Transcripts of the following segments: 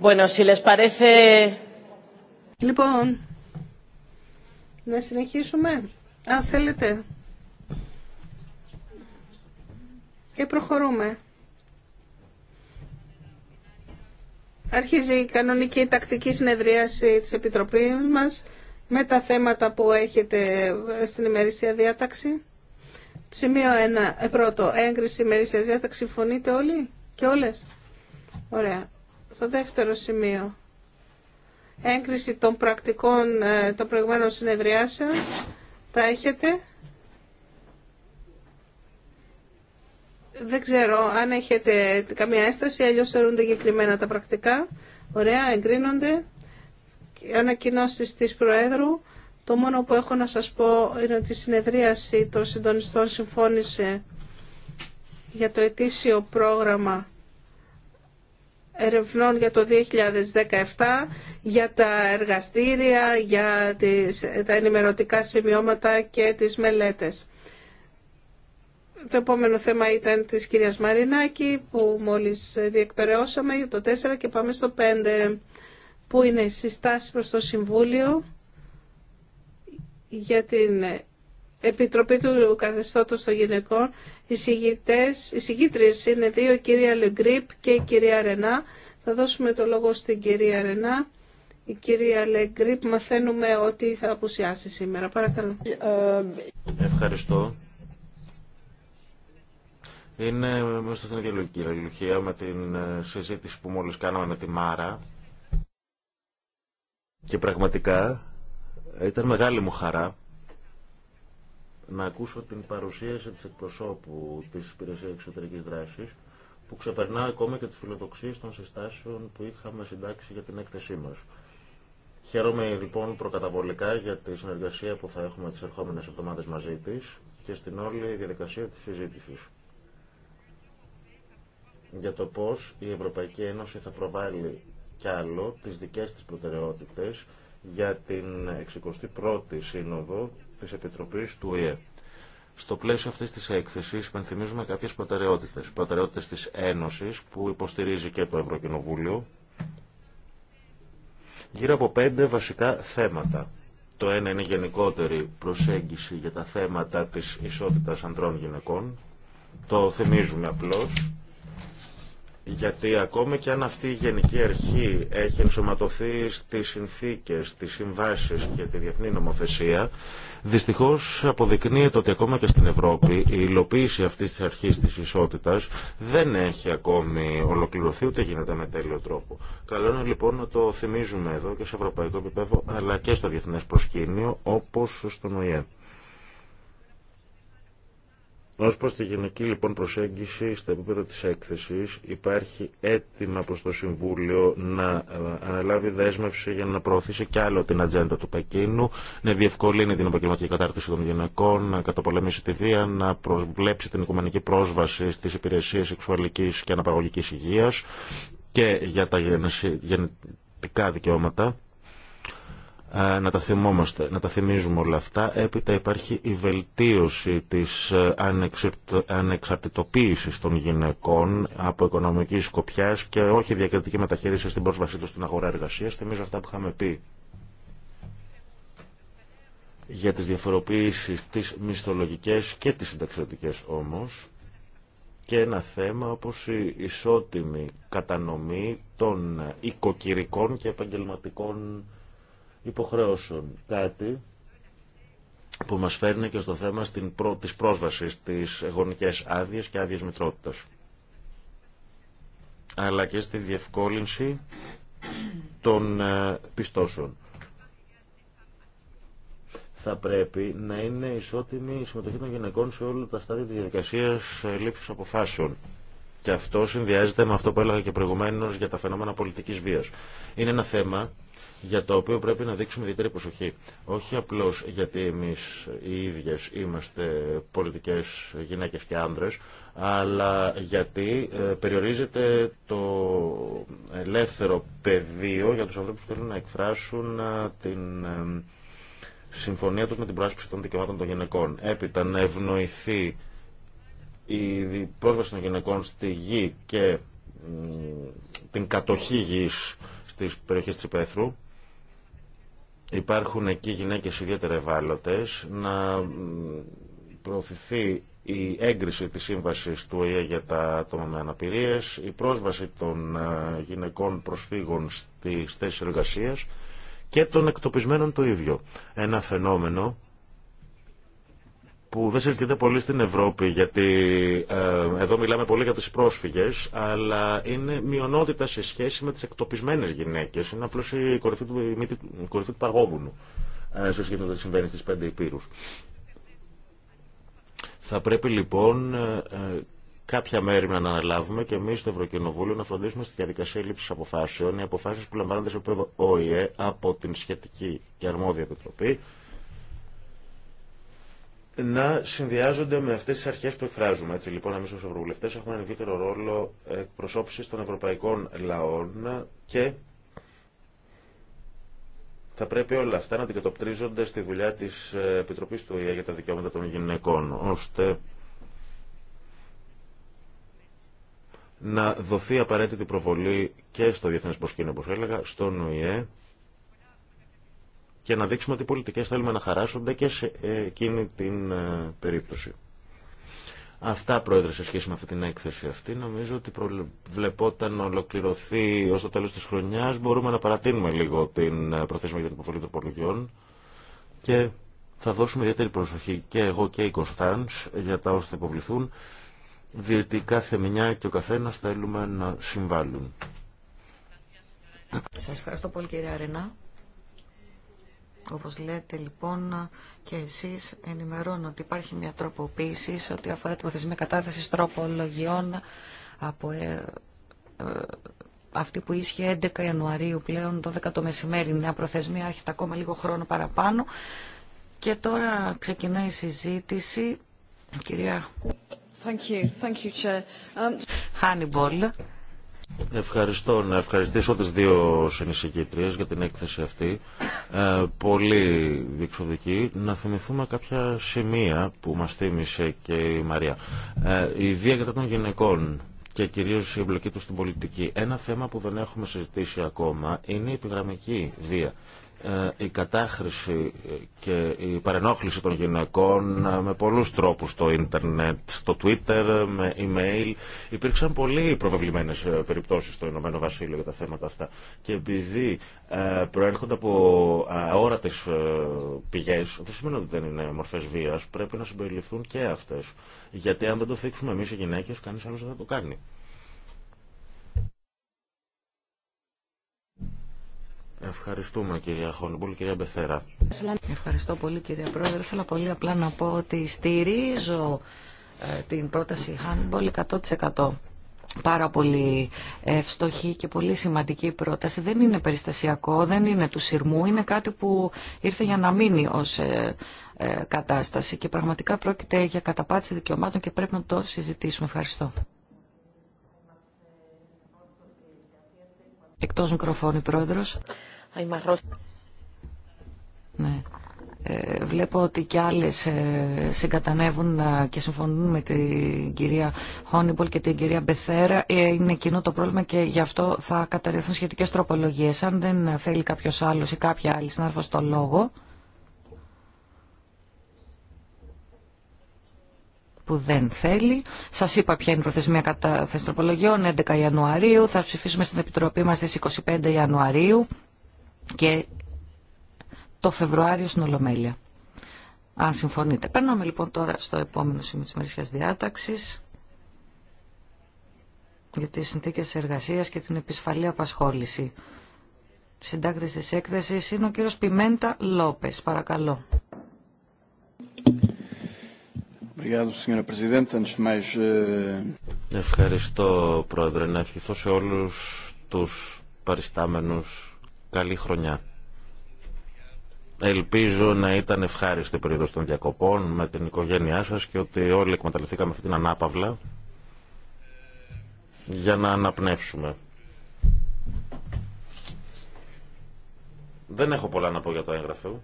Bueno, si les Λοιπόν, να συνεχίσουμε, αν θέλετε. Και προχωρούμε. Αρχίζει η κανονική τακτική συνεδρίαση της Επιτροπής μας με τα θέματα που έχετε στην ημερήσια διάταξη. Σημείο 1. Ε, πρώτο, έγκριση ημερήσια διάταξη. Συμφωνείτε όλοι και όλες. Ωραία. Στο δεύτερο σημείο. Έγκριση των πρακτικών ε, των προηγουμένων συνεδριάσεων. Τα έχετε. Δεν ξέρω αν έχετε καμία έσταση, αλλιώς θεωρούνται εγκεκριμένα τα πρακτικά. Ωραία, εγκρίνονται. Ανακοινώσεις της Προέδρου. Το μόνο που έχω να σας πω είναι ότι η συνεδρίαση των συντονιστών συμφώνησε για το ετήσιο πρόγραμμα ερευνών για το 2017, για τα εργαστήρια, για τις, τα ενημερωτικά σημειώματα και τις μελέτες. Το επόμενο θέμα ήταν της κυρίας Μαρινάκη που μόλις διεκπαιρεώσαμε για το 4 και πάμε στο 5 που είναι η συστάσεις προς το Συμβούλιο για την Επιτροπή του Καθεστώτος των Γυναικών. Οι, συγγητές, οι είναι δύο, η κυρία Λεγκρίπ και η κυρία Ρενά. Θα δώσουμε το λόγο στην κυρία Ρενά. Η κυρία Λεγκρίπ μαθαίνουμε ότι θα απουσιάσει σήμερα. Παρακαλώ. Ευχαριστώ. Είναι μέσα στην ίδια λογική με την ε, συζήτηση που μόλις κάναμε με τη Μάρα. Και πραγματικά ήταν μεγάλη μου χαρά να ακούσω την παρουσίαση της εκπροσώπου της Υπηρεσίας Εξωτερικής Δράσης που ξεπερνά ακόμα και τις φιλοδοξίες των συστάσεων που είχαμε συντάξει για την έκθεσή μας. Χαίρομαι λοιπόν προκαταβολικά για τη συνεργασία που θα έχουμε τις ερχόμενες εβδομάδες μαζί της και στην όλη διαδικασία της συζήτησης για το πώς η Ευρωπαϊκή Ένωση θα προβάλλει κι άλλο τις δικές της προτεραιότητες για την 61η Σύνοδο της Επιτροπής του ΟΗΕ. ΕΕ. Στο πλαίσιο αυτή τη έκθεση, υπενθυμίζουμε κάποιε προτεραιότητε. Προτεραιότητε τη Ένωση που υποστηρίζει και το Ευρωκοινοβούλιο γύρω από πέντε βασικά θέματα. Το ένα είναι η γενικότερη προσέγγιση για τα θέματα της ισότητας ανδρών γυναικών. Το θυμίζουμε απλώς γιατί ακόμη και αν αυτή η Γενική Αρχή έχει ενσωματωθεί στις συνθήκες, στις συμβάσεις και τη διεθνή νομοθεσία, δυστυχώς αποδεικνύεται ότι ακόμα και στην Ευρώπη η υλοποίηση αυτής της αρχής της ισότητας δεν έχει ακόμη ολοκληρωθεί ούτε γίνεται με τέλειο τρόπο. Καλό είναι λοιπόν να το θυμίζουμε εδώ και σε ευρωπαϊκό επίπεδο αλλά και στο διεθνές προσκήνιο όπως στον ΟΗΕ. Ως προς τη γενική λοιπόν προσέγγιση στα επίπεδα της έκθεσης υπάρχει έτοιμα προς το Συμβούλιο να ε, αναλάβει δέσμευση για να προωθήσει κι άλλο την ατζέντα του Πεκίνου, να διευκολύνει την επαγγελματική κατάρτιση των γυναικών, να καταπολεμήσει τη βία, να προβλέψει την οικουμενική πρόσβαση στις υπηρεσίες σεξουαλική και αναπαραγωγικής υγείας και για τα γενετικά δικαιώματα να τα θυμόμαστε, να τα θυμίζουμε όλα αυτά. Έπειτα υπάρχει η βελτίωση της ε, ανεξαρτητοποίησης των γυναικών από οικονομική σκοπιά και όχι διακριτική μεταχείριση στην πρόσβασή του στην αγορά εργασίας. Θυμίζω αυτά που είχαμε πει για τις διαφοροποίησεις τις μισθολογικές και τις συνταξιωτικές όμως και ένα θέμα όπως η ισότιμη κατανομή των οικοκυρικών και επαγγελματικών υποχρεώσεων. Κάτι που μας φέρνει και στο θέμα στην της πρόσβασης της γονικές άδειες και άδειες μητρότητας. Αλλά και στη διευκόλυνση των ε, πιστώσεων. Θα πρέπει να είναι ισότιμη η συμμετοχή των γυναικών σε όλα τα στάδια της διαδικασίας ε, λήψης αποφάσεων. Και αυτό συνδυάζεται με αυτό που έλεγα και προηγουμένως για τα φαινόμενα πολιτικής βίας. Είναι ένα θέμα για το οποίο πρέπει να δείξουμε ιδιαίτερη προσοχή. Όχι απλώς γιατί εμείς οι ίδιες είμαστε πολιτικές γυναίκες και άνδρες, αλλά γιατί ε, περιορίζεται το ελεύθερο πεδίο για τους ανθρώπους που θέλουν να εκφράσουν ε, την ε, συμφωνία τους με την πράσπιση των δικαιωμάτων των γυναικών. Έπειτα να ευνοηθεί η πρόσβαση των γυναικών στη γη και την κατοχή γης στις περιοχές της υπαίθρου υπάρχουν εκεί γυναίκες ιδιαίτερα ευάλωτες να προωθηθεί η έγκριση της σύμβασης του ΟΗΕ για τα άτομα με αναπηρίες, η πρόσβαση των ε, γυναικών προσφύγων στις θέσεις εργασίας και των εκτοπισμένων το ίδιο. Ένα φαινόμενο που δεν συζητείται πολύ στην Ευρώπη, γιατί ε, εδώ μιλάμε πολύ για τις πρόσφυγες, αλλά είναι μειονότητα σε σχέση με τις εκτοπισμένες γυναίκες. Είναι απλώς η κορυφή του, η παγόβουνου ε, σε σχέση με το συμβαίνει στις πέντε υπήρους. Θα πρέπει λοιπόν ε, ε κάποια μέρη να αναλάβουμε και εμεί στο Ευρωκοινοβούλιο να φροντίσουμε στη διαδικασία λήψη αποφάσεων οι αποφάσεις που λαμβάνονται σε επίπεδο ΟΗΕ από την σχετική και αρμόδια επιτροπή να συνδυάζονται με αυτές τι αρχές που εκφράζουμε. Έτσι λοιπόν εμεί ω ευρωβουλευτέ έχουμε έναν ιδιαίτερο ρόλο εκπροσώπησης των ευρωπαϊκών λαών και θα πρέπει όλα αυτά να αντικατοπτρίζονται στη δουλειά της επιτροπή του ΟΗΕ για τα δικαιώματα των γυναικών, ώστε να δοθεί απαραίτητη προβολή και στο διεθνέ προσκήνιο, όπω έλεγα, στον ΟΗΕ και να δείξουμε ότι οι πολιτικές θέλουμε να χαράσονται και σε εκείνη την ε, περίπτωση. Αυτά, Πρόεδρε, σε σχέση με αυτή την έκθεση αυτή. Νομίζω ότι βλεπόταν ολοκληρωθεί ω το τέλο τη χρονιά. Μπορούμε να παρατείνουμε λίγο την ε, προθέσμα για την υποβολή των πολιτιών και θα δώσουμε ιδιαίτερη προσοχή και εγώ και η Κωνσταντ για τα όσα θα υποβληθούν, διότι κάθε μια και ο καθένα θέλουμε να συμβάλλουν. Σα ευχαριστώ πολύ, κύριε Αρενά. Όπως λέτε λοιπόν και εσείς ενημερώνω ότι υπάρχει μια τροποποίηση σε ό,τι αφορά την προθεσμία κατάθεση τροπολογιών από ε, ε, αυτή που ίσχυε 11 Ιανουαρίου πλέον 12 το μεσημέρι. Η νέα προθεσμία έρχεται ακόμα λίγο χρόνο παραπάνω. Και τώρα ξεκινάει η συζήτηση. Κυρία Thank you. Thank you, um, Ευχαριστώ. Να ευχαριστήσω τις δύο συνεισηγήτριες για την έκθεση αυτή. Ε, πολύ διεξοδική. Να θυμηθούμε κάποια σημεία που μας θύμισε και η Μαρία. Ε, η βία κατά των γυναικών και κυρίως η εμπλοκή του στην πολιτική. Ένα θέμα που δεν έχουμε συζητήσει ακόμα είναι η επιγραμμική βία. Ε, η κατάχρηση και η παρενόχληση των γυναικών ε, με πολλούς τρόπους στο ίντερνετ, στο Twitter, ε, με email. Υπήρξαν πολύ προβεβλημένες περιπτώσεις στο Ηνωμένο Βασίλειο για τα θέματα αυτά. Και επειδή προέρχονται από αόρατες πηγές, δεν σημαίνει ότι δεν είναι μορφές βίας, πρέπει να συμπεριληφθούν και αυτές. Γιατί αν δεν το θίξουμε εμείς οι γυναίκες, κανείς άλλος δεν θα το κάνει. Ευχαριστούμε κυρία Χόνιμπολ, κυρία Μπεθέρα. Ευχαριστώ πολύ κυρία Πρόεδρε. Θέλω πολύ απλά να πω ότι στηρίζω ε, την πρόταση Χάνιμπολ 100%. Πάρα πολύ ευστοχή και πολύ σημαντική πρόταση. Δεν είναι περιστασιακό, δεν είναι του σειρμού, είναι κάτι που ήρθε για να μείνει ως ε, ε, κατάσταση και πραγματικά πρόκειται για καταπάτηση δικαιωμάτων και πρέπει να το συζητήσουμε. Ευχαριστώ. Εκτός μικροφώνη, Πρόεδρος. Ναι. Ε, βλέπω ότι και άλλες ε, συγκατανεύουν ε, και συμφωνούν με την κυρία Χόνιμπολ και την κυρία Μπεθέρα. είναι κοινό το πρόβλημα και γι' αυτό θα καταρρεθούν σχετικές τροπολογίες. Αν δεν θέλει κάποιος άλλος ή κάποια άλλη συνάδελφος το λόγο, που δεν θέλει. Σα είπα ποια είναι η προθεσμία κατά τροπολογιών, 11 Ιανουαρίου. Θα ψηφίσουμε στην Επιτροπή μα στι 25 Ιανουαρίου και το Φεβρουάριο στην Ολομέλεια. Αν συμφωνείτε. Περνάμε λοιπόν τώρα στο επόμενο σημείο της μερισιάς διάταξης για τις συνθήκες εργασίας και την επισφαλή απασχόληση. Συντάκτης της έκθεσης είναι ο κύριος Πιμέντα Λόπες. Παρακαλώ. Eh, Ευχαριστώ, Πρόεδρε. Να ευχηθώ σε όλους τους παριστάμενους Καλή χρονιά. Ελπίζω να ήταν ευχάριστη η περίοδο των διακοπών με την οικογένειά σας και ότι όλοι εκμεταλλευθήκαμε αυτή την ανάπαυλα για να αναπνεύσουμε. Δεν έχω πολλά να πω για το έγγραφο.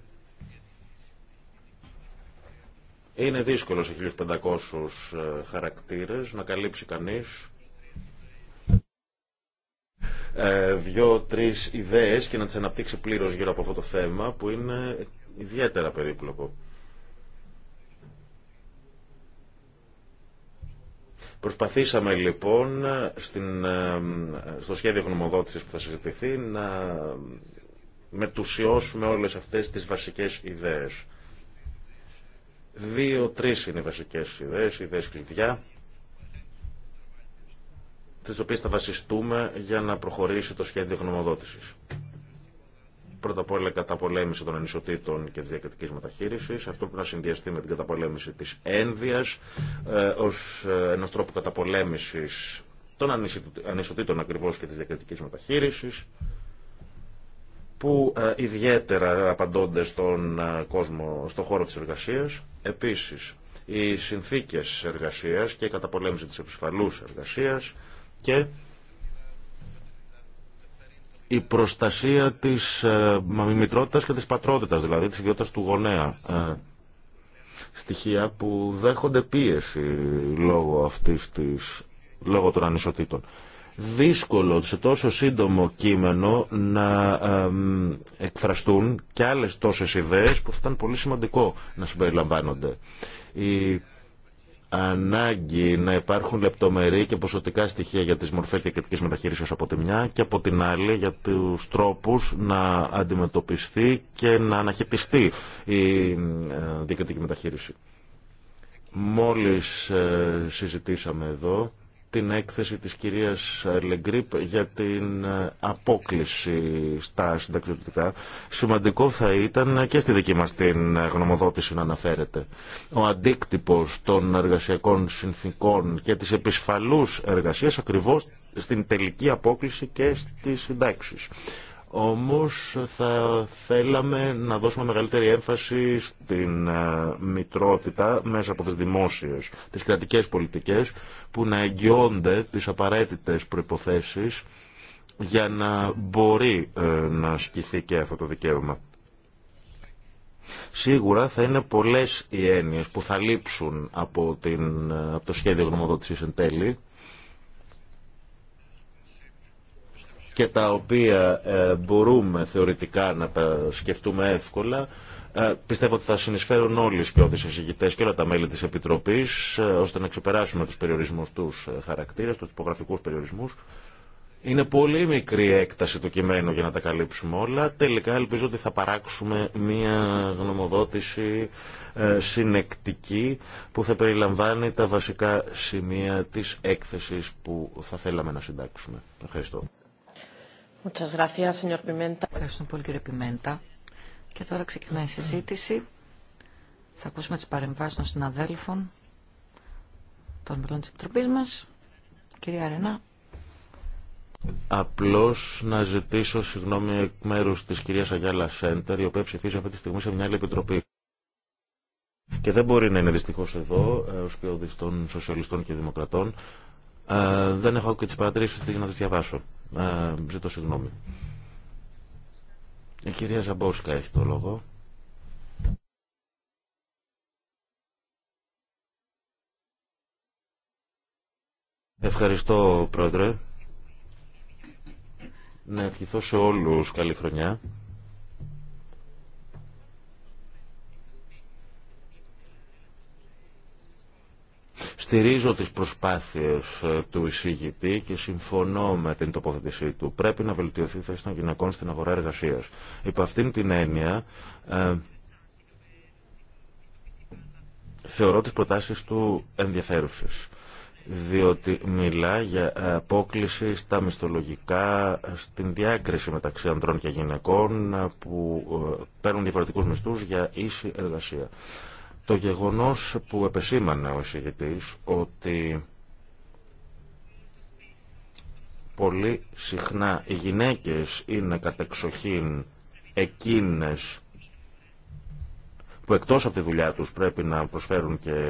Είναι δύσκολο σε 1500 χαρακτήρες να καλύψει κανείς ε, δύο-τρεις ιδέες και να τις αναπτύξει πλήρως γύρω από αυτό το θέμα που είναι ιδιαίτερα περίπλοκο. Προσπαθήσαμε λοιπόν στην, ε, στο σχέδιο γνωμοδότησης που θα συζητηθεί να μετουσιώσουμε όλες αυτές τις βασικές ιδέες. Δύο-τρεις είναι οι βασικές ιδέες, ιδέες κλειδιά τις οποίες θα βασιστούμε για να προχωρήσει το σχέδιο γνωμοδότησης. Πρώτα απ' όλα καταπολέμηση των ανισοτήτων και της διακριτικής μεταχείρισης, αυτό που να συνδυαστεί με την καταπολέμηση της ένδυας ε, ως τρόπο ε, τρόπος καταπολέμησης των ανισοτήτων ακριβώς και της διακριτικής μεταχείρισης, που ε, ιδιαίτερα απαντώνται στον ε, κόσμο, στον χώρο της εργασίας. Επίσης, οι συνθήκες εργασίας και η καταπολέμηση της επισφαλούς εργασίας, και η προστασία της ε, και της πατρότητας, δηλαδή της ιδιότητας του γονέα. Ε, στοιχεία που δέχονται πίεση λόγω αυτής της, λόγω των ανισοτήτων. Δύσκολο σε τόσο σύντομο κείμενο να ε, εκφραστούν και άλλες τόσες ιδέες που θα ήταν πολύ σημαντικό να συμπεριλαμβάνονται. Η ανάγκη να υπάρχουν λεπτομερή και ποσοτικά στοιχεία για τις μορφές διακριτικής μεταχείρισης από τη μια και από την άλλη για τους τρόπους να αντιμετωπιστεί και να αναχαιτιστεί η ε, διακριτική μεταχείριση. Μόλις ε, συζητήσαμε εδώ την έκθεση της κυρίας Λεγκρίπ για την ε, απόκληση στα συνταξιδοτικά. Σημαντικό θα ήταν και στη δική μας την γνωμοδότηση να αναφέρεται. Ο αντίκτυπος των εργασιακών συνθήκων και της επισφαλούς εργασίας ακριβώς στην τελική απόκληση και στις συντάξεις. Όμως θα θέλαμε να δώσουμε μεγαλύτερη έμφαση στην ε, μητρότητα μέσα από τις δημόσιες, τις κρατικές πολιτικές που να εγγυώνται τις απαραίτητες προϋποθέσεις για να μπορεί ε, να ασκηθεί και αυτό το δικαίωμα. Σίγουρα θα είναι πολλές οι έννοιες που θα λείψουν από, την, ε, από το σχέδιο γνωμοδότησης εν τέλει και τα οποία ε, μπορούμε θεωρητικά να τα σκεφτούμε εύκολα, ε, πιστεύω ότι θα συνεισφέρουν όλοι οι σκιώδεις εισηγητές και όλα τα μέλη της Επιτροπής ε, ώστε να ξεπεράσουμε τους περιορισμούς τους χαρακτήρες, τους τυπογραφικούς περιορισμούς. Είναι πολύ μικρή έκταση το κειμένο για να τα καλύψουμε όλα. Τελικά ελπίζω ότι θα παράξουμε μία γνωμοδότηση συνεκτική που θα περιλαμβάνει τα βασικά σημεία της έκθεσης που θα θέλαμε να συντάξουμε. Ευχαριστώ. Ευχαριστώ πολύ κύριε Πιμέντα. Και τώρα ξεκινάει η συζήτηση. Θα ακούσουμε τις παρεμβάσεις των συναδέλφων των μελών της Επιτροπής μας. Κυρία Αρένα. Απλώς να ζητήσω συγγνώμη εκ μέρους της κυρίας Αγιάλα Σέντερ, η οποία ψηφίζει αυτή τη στιγμή σε μια άλλη επιτροπή. Και δεν μπορεί να είναι δυστυχώ εδώ, ε, ως και των Σοσιαλιστών και Δημοκρατών. Ε, δεν έχω και τι παρατηρήσεις της, να τι διαβάσω ζητώ συγγνώμη. Η κυρία Ζαμπόσκα έχει το λόγο. Ευχαριστώ, Πρόεδρε. Να ευχηθώ σε όλους καλή χρονιά. Στηρίζω τις προσπάθειες ε, του εισηγητή και συμφωνώ με την τοποθέτησή του. Πρέπει να βελτιωθεί η θέση των γυναικών στην αγορά εργασίας. Υπό αυτήν την έννοια ε, θεωρώ τις προτάσεις του ενδιαφέρουσες διότι μιλά για απόκληση στα μισθολογικά, στην διάκριση μεταξύ ανδρών και γυναικών ε, που παίρνουν διαφορετικούς μισθούς για ίση εργασία. Το γεγονός που επεσήμανε ο εισηγητής ότι πολύ συχνά οι γυναίκες είναι κατεξοχήν εκείνες που εκτός από τη δουλειά τους πρέπει να προσφέρουν και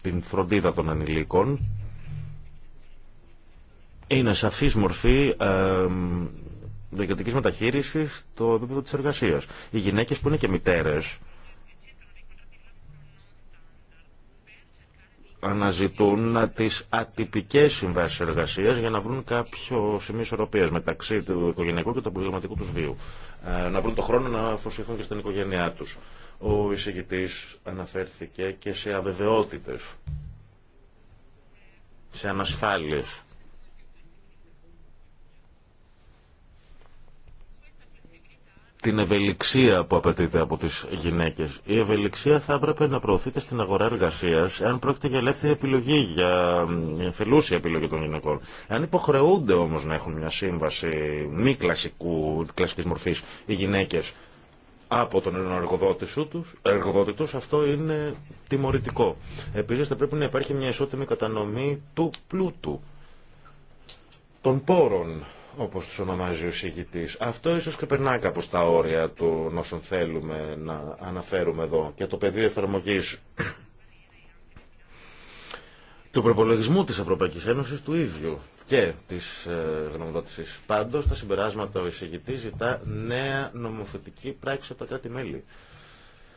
την φροντίδα των ανηλίκων είναι σαφής μορφή ε, διοικητικής μεταχείρισης στο επίπεδο της εργασίας. Οι γυναίκες που είναι και μητέρες αναζητούν τις ατυπικές συμβάσεις εργασίας για να βρουν κάποιο σημείο ισορροπίας μεταξύ του οικογενειακού και του επαγγελματικού τους βίου. Ε, να βρουν το χρόνο να αφοσιωθούν και στην οικογένειά τους. Ο εισηγητής αναφέρθηκε και σε αβεβαιότητες, σε ανασφάλειες. την ευελιξία που απαιτείται από τις γυναίκες. Η ευελιξία θα έπρεπε να προωθείται στην αγορά εργασίας αν πρόκειται για ελεύθερη επιλογή, για θελούσια επιλογή των γυναικών. Αν υποχρεούνται όμως να έχουν μια σύμβαση μη κλασικού, κλασικής μορφής οι γυναίκες από τον εργοδότη τους, εργοδότη τους, αυτό είναι τιμωρητικό. Επίσης θα πρέπει να υπάρχει μια ισότιμη κατανομή του πλούτου, των πόρων όπως τους ονομάζει ο εισηγητής. Αυτό ίσως και περνά κάπως τα όρια του όσων θέλουμε να αναφέρουμε εδώ και το πεδίο εφαρμογής του προπολογισμού της Ευρωπαϊκής Ένωσης του ίδιου και της ε, γνωμοδότησης. Πάντως, τα συμπεράσματα ο εισηγητής ζητά νέα νομοθετική πράξη από τα κράτη-μέλη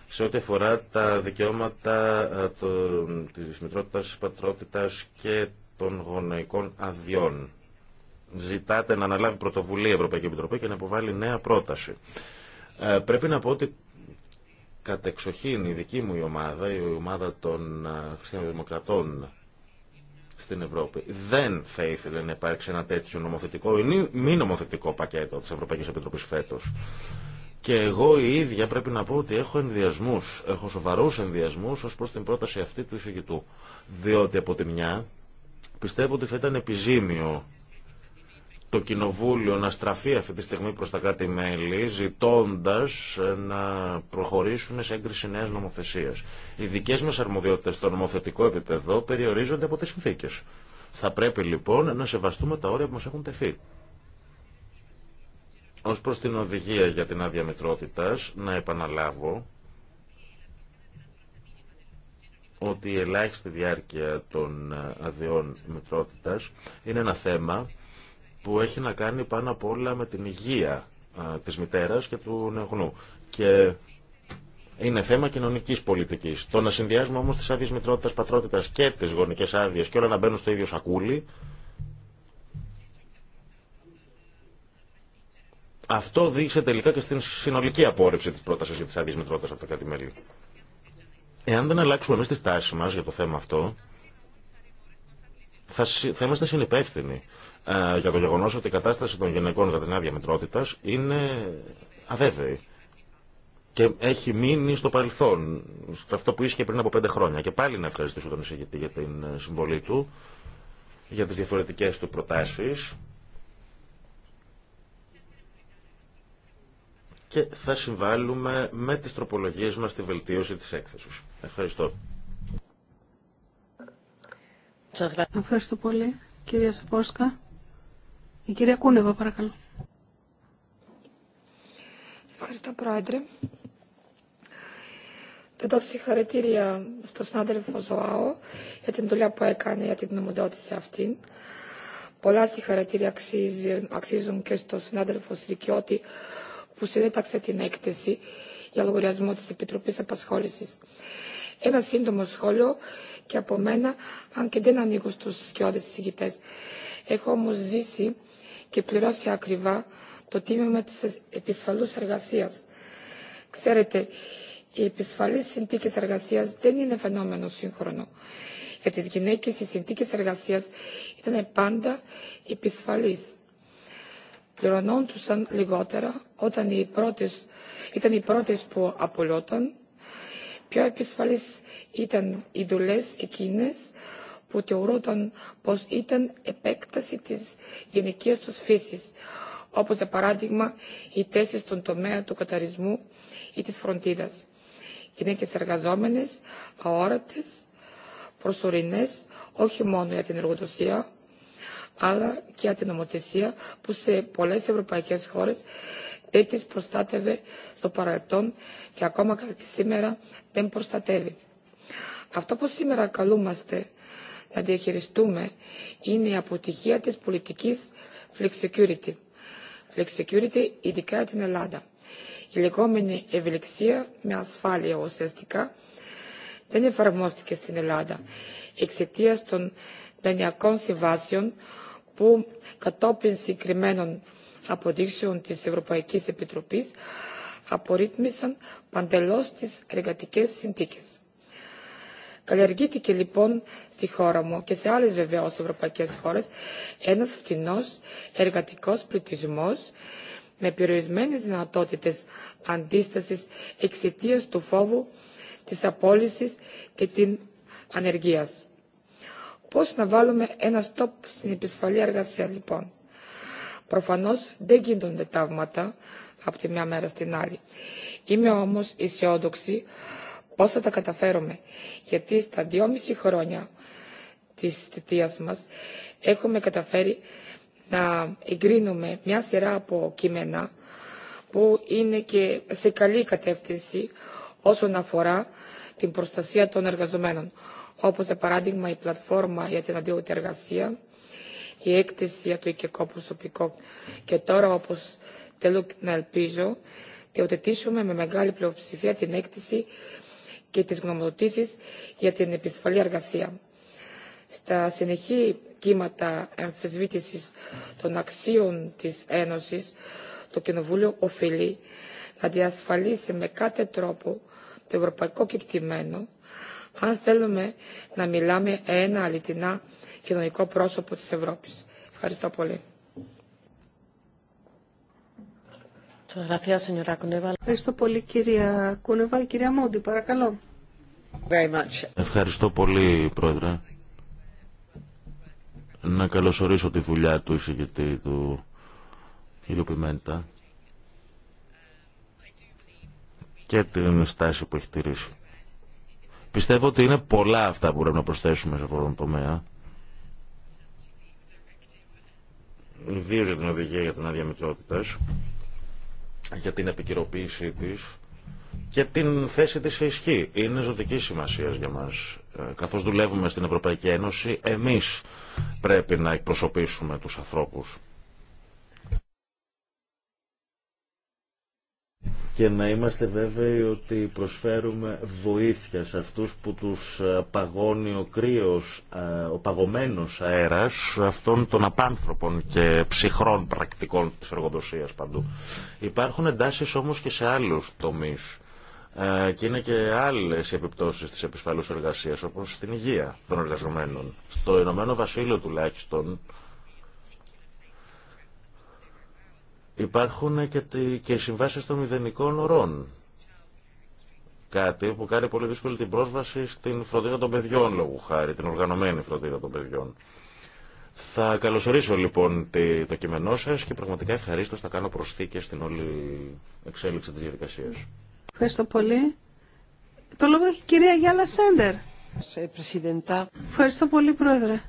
σε ό,τι αφορά τα δικαιώματα ε, το, της μητρότητας, πατρότητας και των γονεϊκών αδειών ζητάτε να αναλάβει πρωτοβουλία η Ευρωπαϊκή Επιτροπή και να υποβάλει νέα πρόταση. Ε, πρέπει να πω ότι κατεξοχήν η δική μου η ομάδα, η ομάδα των ε, χριστιανοδημοκρατών στην Ευρώπη, δεν θα ήθελε να υπάρξει ένα τέτοιο νομοθετικό ή μη νομοθετικό πακέτο της Ευρωπαϊκής Επιτροπής φέτος. Και εγώ η ίδια πρέπει να πω ότι έχω ενδιασμού, έχω σοβαρού ενδιασμού ω προ την πρόταση αυτή του εισηγητού. Διότι από τη μια πιστεύω ότι θα ήταν επιζήμιο το Κοινοβούλιο να στραφεί αυτή τη στιγμή προς τα κράτη-μέλη ζητώντας ε, να προχωρήσουν σε έγκριση νέας νομοθεσίας. Οι δικές μας αρμοδιότητες στο νομοθετικό επίπεδο περιορίζονται από τις συνθήκες. Θα πρέπει λοιπόν να σεβαστούμε τα όρια που μας έχουν τεθεί. Ως προς την οδηγία για την άδεια μητρότητας, να επαναλάβω ότι η ελάχιστη διάρκεια των αδειών μητρότητας είναι ένα θέμα που έχει να κάνει πάνω απ' όλα με την υγεία της μητέρας και του νεογνού. Και είναι θέμα κοινωνικής πολιτικής. Το να συνδυάζουμε όμως τις άδειες μητρότητας πατρότητα και τις γονικές άδειε και όλα να μπαίνουν στο ίδιο σακούλι. Αυτό δείξε τελικά και στην συνολική απόρριψη της πρότασης για τις άδειες μητρότητας από τα κράτη-μέλη. Εάν δεν αλλάξουμε εμείς τη στάση μας για το θέμα αυτό, θα, θα είμαστε συνυπεύθυνοι ε, για το γεγονός ότι η κατάσταση των γυναικών κατά την άδεια μετρότητας είναι αβέβαιη και έχει μείνει στο παρελθόν, σε αυτό που ίσχυε πριν από πέντε χρόνια. Και πάλι να ευχαριστήσω τον εισηγητή για την ε, συμβολή του, για τις διαφορετικές του προτάσεις. Και θα συμβάλλουμε με τις τροπολογίες μας στη βελτίωση της έκθεσης. Ευχαριστώ. Ευχαριστώ πολύ. Κυρία Σαπόσκα. Η κυρία Κούνεβα, παρακαλώ. Ευχαριστώ, Πρόεδρε. Θα δώσω συγχαρητήρια στον συνάδελφο Ζωάο για την δουλειά που έκανε για την νομοδότηση αυτή. Πολλά συγχαρητήρια αξίζουν, και στον συνάδελφο Σρικιώτη που συνέταξε την έκθεση για λογαριασμό της Επιτροπής Απασχόληση. Ένα σύντομο σχόλιο και από μένα, αν και δεν ανοίγω στου σκιώδε εισηγητέ. Έχω όμω ζήσει και πληρώσει ακριβά το τίμημα τη επισφαλού εργασία. Ξέρετε, οι επισφαλεί συνθήκε εργασία δεν είναι φαινόμενο σύγχρονο. Για τι γυναίκε οι συνθήκε εργασία ήταν πάντα επισφαλεί. Πληρωνόντουσαν λιγότερα όταν οι ήταν οι πρώτε που απολύονταν πιο επισφαλείς ήταν οι δουλειές εκείνες που θεωρούνταν πως ήταν επέκταση της γενικής τους φύσης, όπως για παράδειγμα οι θέσεις στον τομέα του καταρισμού ή της φροντίδας. Γυναίκες εργαζόμενες, αόρατες, προσωρινές, όχι μόνο για την εργοδοσία, αλλά και για την νομοθεσία που σε πολλές ευρωπαϊκές χώρες δεν τις προστάτευε στο παρελθόν και ακόμα και σήμερα δεν προστατεύει. Αυτό που σήμερα καλούμαστε να διαχειριστούμε είναι η αποτυχία της πολιτικής flex security ειδικά την Ελλάδα. Η λεγόμενη ευελιξία με ασφάλεια ουσιαστικά δεν εφαρμόστηκε στην Ελλάδα εξαιτία των δανειακών συμβάσεων που κατόπιν συγκεκριμένων αποδείξεων της Ευρωπαϊκής Επιτροπής απορρίθμισαν παντελώς τις εργατικές συνθήκες. Καλλιεργήθηκε λοιπόν στη χώρα μου και σε άλλες βεβαίως ευρωπαϊκές χώρες ένας φτηνός εργατικός πληθυσμός με περιορισμένες δυνατότητες αντίστασης εξαιτίας του φόβου της απόλυσης και την ανεργίας. Πώς να βάλουμε ένα στόπ στην επισφαλή εργασία λοιπόν. Προφανώς δεν γίνονται ταύματα από τη μια μέρα στην άλλη. Είμαι όμως αισιόδοξη πώς θα τα καταφέρουμε, γιατί στα δυόμιση χρόνια της θητείας μας έχουμε καταφέρει να εγκρίνουμε μια σειρά από κείμενα που είναι και σε καλή κατεύθυνση όσον αφορά την προστασία των εργαζομένων, όπως για παράδειγμα η πλατφόρμα για την αντίοτη εργασία, η έκθεση για το οικιακό προσωπικό. Και τώρα, όπως θέλω να ελπίζω, διοτετήσουμε με μεγάλη πλειοψηφία την έκθεση και τι γνωμοδοτήσεις για την επισφαλή εργασία. Στα συνεχή κύματα εμφισβήτηση των αξίων της Ένωσης, το Κοινοβούλιο οφείλει να διασφαλίσει με κάθε τρόπο το ευρωπαϊκό κεκτημένο, αν θέλουμε να μιλάμε ένα αληθινά κοινωνικό πρόσωπο της Ευρώπης. Ευχαριστώ πολύ. Ευχαριστώ πολύ κυρία Κούνεβα. κυρία Μόντι, παρακαλώ. Ευχαριστώ πολύ, Πρόεδρε. Να καλωσορίσω τη δουλειά του εισηγητή του κ. Πιμέντα και την στάση που έχει τηρήσει. Πιστεύω ότι είναι πολλά αυτά που πρέπει να προσθέσουμε σε αυτόν τον τομέα. ιδίω για την οδηγία για την άδεια για την επικυροποίησή τη και την θέση της σε ισχύ. Είναι ζωτική σημασία για μας. Ε, καθώς δουλεύουμε στην Ευρωπαϊκή Ένωση, εμείς πρέπει να εκπροσωπήσουμε τους ανθρώπου. και να είμαστε βέβαιοι ότι προσφέρουμε βοήθεια σε αυτούς που τους ε, παγώνει ο κρύος, ε, ο παγωμένος αέρας αυτών των απάνθρωπων και ψυχρών πρακτικών της εργοδοσίας παντού. Υπάρχουν εντάσεις όμως και σε άλλους τομείς ε, και είναι και άλλες οι επιπτώσεις της επισφαλούς εργασίας όπως στην υγεία των εργαζομένων. Στο Ηνωμένο Βασίλειο τουλάχιστον Υπάρχουν και οι συμβάσεις των μηδενικών ορών. Κάτι που κάνει πολύ δύσκολη την πρόσβαση στην φροντίδα των παιδιών, λόγου χάρη, την οργανωμένη φροντίδα των παιδιών. Θα καλωσορίσω λοιπόν το κειμενό σα και πραγματικά ευχαρίστω θα κάνω προσθήκε στην όλη εξέλιξη τη διαδικασία. Ευχαριστώ πολύ. Το λόγο έχει η κυρία Γιάννα Σέντερ. Ευχαριστώ πολύ, Πρόεδρε.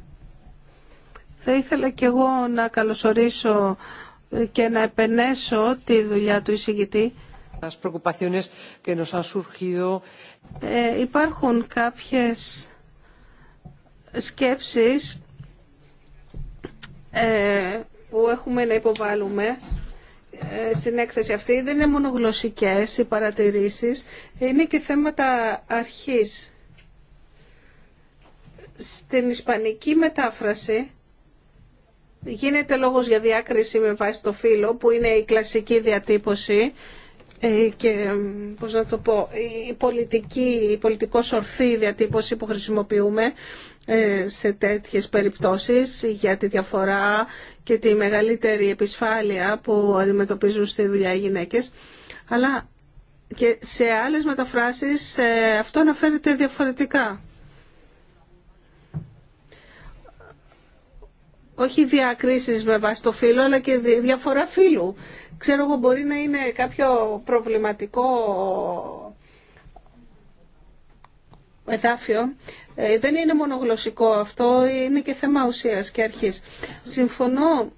Θα ήθελα κι εγώ να καλωσορίσω και να επενέσω τη δουλειά του εισηγητή. Ε, υπάρχουν κάποιες σκέψεις ε, που έχουμε να υποβάλουμε ε, στην έκθεση αυτή. Δεν είναι μόνο γλωσσικές οι παρατηρήσεις, είναι και θέματα αρχής. Στην ισπανική μετάφραση γίνεται λόγος για διάκριση με βάση το φύλλο που είναι η κλασική διατύπωση ε, και πώς να το πω, η πολιτική, η πολιτικός ορθή διατύπωση που χρησιμοποιούμε ε, σε τέτοιες περιπτώσεις για τη διαφορά και τη μεγαλύτερη επισφάλεια που αντιμετωπίζουν στη δουλειά οι γυναίκες. Αλλά και σε άλλες μεταφράσεις ε, αυτό αναφέρεται διαφορετικά. όχι διακρίσεις βάση το φύλλο, αλλά και διαφορά φύλλου. Ξέρω εγώ μπορεί να είναι κάποιο προβληματικό εδάφιο. Ε, δεν είναι γλωσσικό αυτό, είναι και θέμα ουσίας και αρχής. Συμφωνώ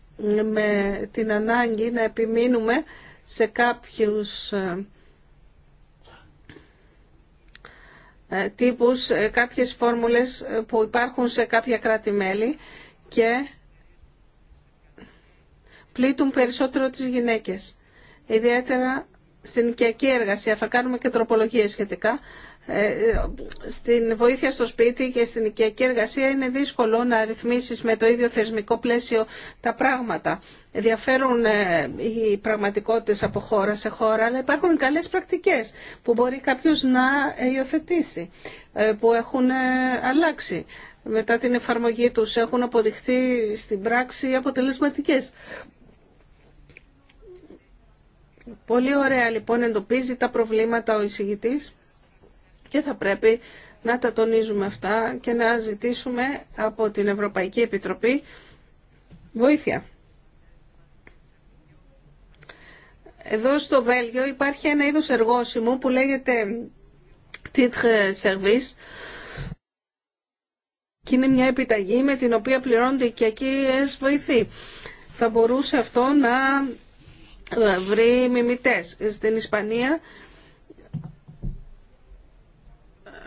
με την ανάγκη να επιμείνουμε σε κάποιους ε, ε, τύπους, κάποιες φόρμουλες που υπάρχουν σε κάποια κράτη-μέλη και πλήττουν περισσότερο τις γυναίκες. Ιδιαίτερα στην οικιακή εργασία, θα κάνουμε και τροπολογίε σχετικά, ε, ε, στην βοήθεια στο σπίτι και στην οικιακή εργασία είναι δύσκολο να ρυθμίσεις με το ίδιο θεσμικό πλαίσιο τα πράγματα. Διαφέρουν ε, οι πραγματικότητες από χώρα σε χώρα, αλλά υπάρχουν καλές πρακτικές που μπορεί κάποιο να υιοθετήσει, που έχουν αλλάξει. Μετά την εφαρμογή τους έχουν αποδειχθεί στην πράξη αποτελεσματικές. Πολύ ωραία λοιπόν εντοπίζει τα προβλήματα ο εισηγητής και θα πρέπει να τα τονίζουμε αυτά και να ζητήσουμε από την Ευρωπαϊκή Επιτροπή βοήθεια. Εδώ στο Βέλγιο υπάρχει ένα είδος εργόσιμου που λέγεται titre service και είναι μια επιταγή με την οποία πληρώνονται εκεί βοηθοί. Θα μπορούσε αυτό να βρει μιμητές. Στην Ισπανία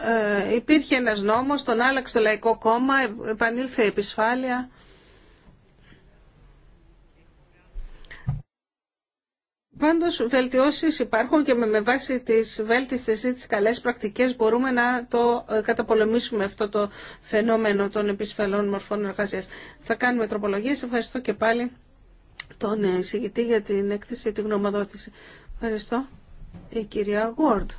ε, υπήρχε ένας νόμος, τον άλλαξε το Λαϊκό Κόμμα, ε, επανήλθε η επισφάλεια. Πάντως βελτιώσει υπάρχουν και με βάση τις βέλτιστες ή τις καλές πρακτικές μπορούμε να το ε, καταπολεμήσουμε αυτό το φαινόμενο των επισφαλών μορφών εργασίας. Θα κάνουμε τροπολογίες. Ευχαριστώ και πάλι τον ε, εισηγητή για την έκθεση, την γνωμοδότηση. Ευχαριστώ. Η κυρία Γουόρντ.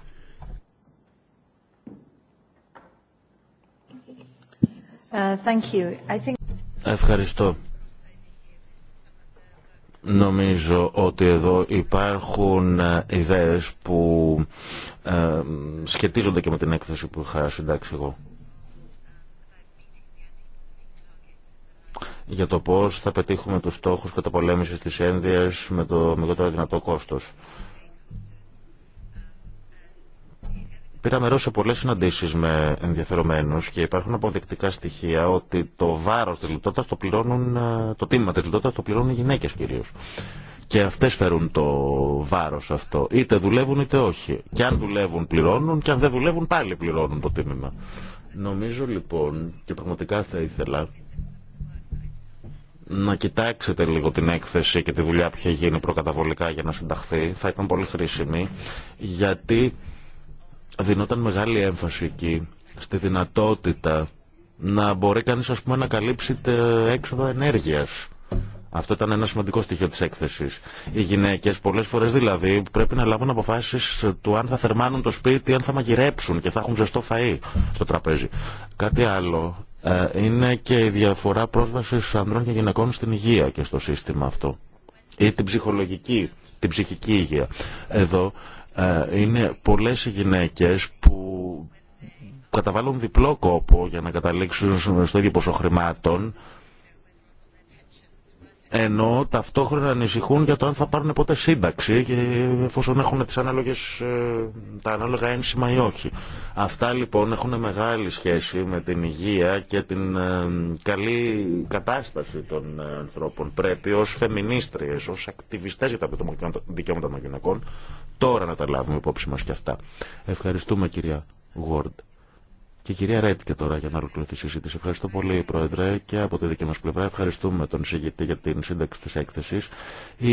Ε, Ευχαριστώ. Νομίζω ότι εδώ υπάρχουν ε, ιδέες που σχετίζονται και με την έκθεση που είχα συντάξει εγώ. για το πώ θα πετύχουμε του στόχου καταπολέμηση τη ένδυα με το μικρότερο δυνατό κόστο. Πήραμε μέρο σε πολλές με ενδιαφερομένους και υπάρχουν αποδεικτικά στοιχεία ότι το βάρο τη λιτότητα το πληρώνουν, ε, το τίμημα τη λιτότητα το πληρώνουν οι γυναίκες κυρίω. Και αυτέ φέρουν το βάρο αυτό. Είτε δουλεύουν είτε όχι. Και αν δουλεύουν πληρώνουν και αν δεν δουλεύουν πάλι πληρώνουν το τίμημα. Νομίζω λοιπόν και πραγματικά θα ήθελα να κοιτάξετε λίγο την έκθεση και τη δουλειά που είχε γίνει προκαταβολικά για να συνταχθεί. Θα ήταν πολύ χρήσιμη, γιατί δινόταν μεγάλη έμφαση εκεί στη δυνατότητα να μπορεί κανείς ας πούμε, να καλύψει έξοδο έξοδα ενέργειας. Αυτό ήταν ένα σημαντικό στοιχείο της έκθεσης. Οι γυναίκες πολλές φορές δηλαδή πρέπει να λάβουν αποφάσεις του αν θα θερμάνουν το σπίτι, αν θα μαγειρέψουν και θα έχουν ζεστό φαΐ στο τραπέζι. Κάτι άλλο ε, είναι και η διαφορά πρόσβασης ανδρών και γυναικών στην υγεία και στο σύστημα αυτό ή την ψυχολογική, την ψυχική υγεία. Εδώ ε, είναι πολλές οι γυναίκες που καταβάλουν διπλό κόπο για να καταλήξουν στο ίδιο ποσό χρημάτων ενώ ταυτόχρονα ανησυχούν για το αν θα πάρουν ποτέ σύνταξη και εφόσον έχουν τις ανάλογες, ε, τα ανάλογα ένσημα ή όχι. Αυτά λοιπόν έχουν μεγάλη σχέση με την υγεία και την ε, καλή κατάσταση των ε, ανθρώπων. Πρέπει ως φεμινίστριες, ως ακτιβιστές για τα δικαιώματα των γυναικών τώρα να τα λάβουμε υπόψη μας και αυτά. Ευχαριστούμε κυρία Γουόρντ. Και η κυρία Ρέτκε τώρα για να ολοκληρωθεί η συζήτηση. Ευχαριστώ πολύ, Πρόεδρε, και από τη δική μα πλευρά ευχαριστούμε τον συγγητή για την σύνταξη τη έκθεση.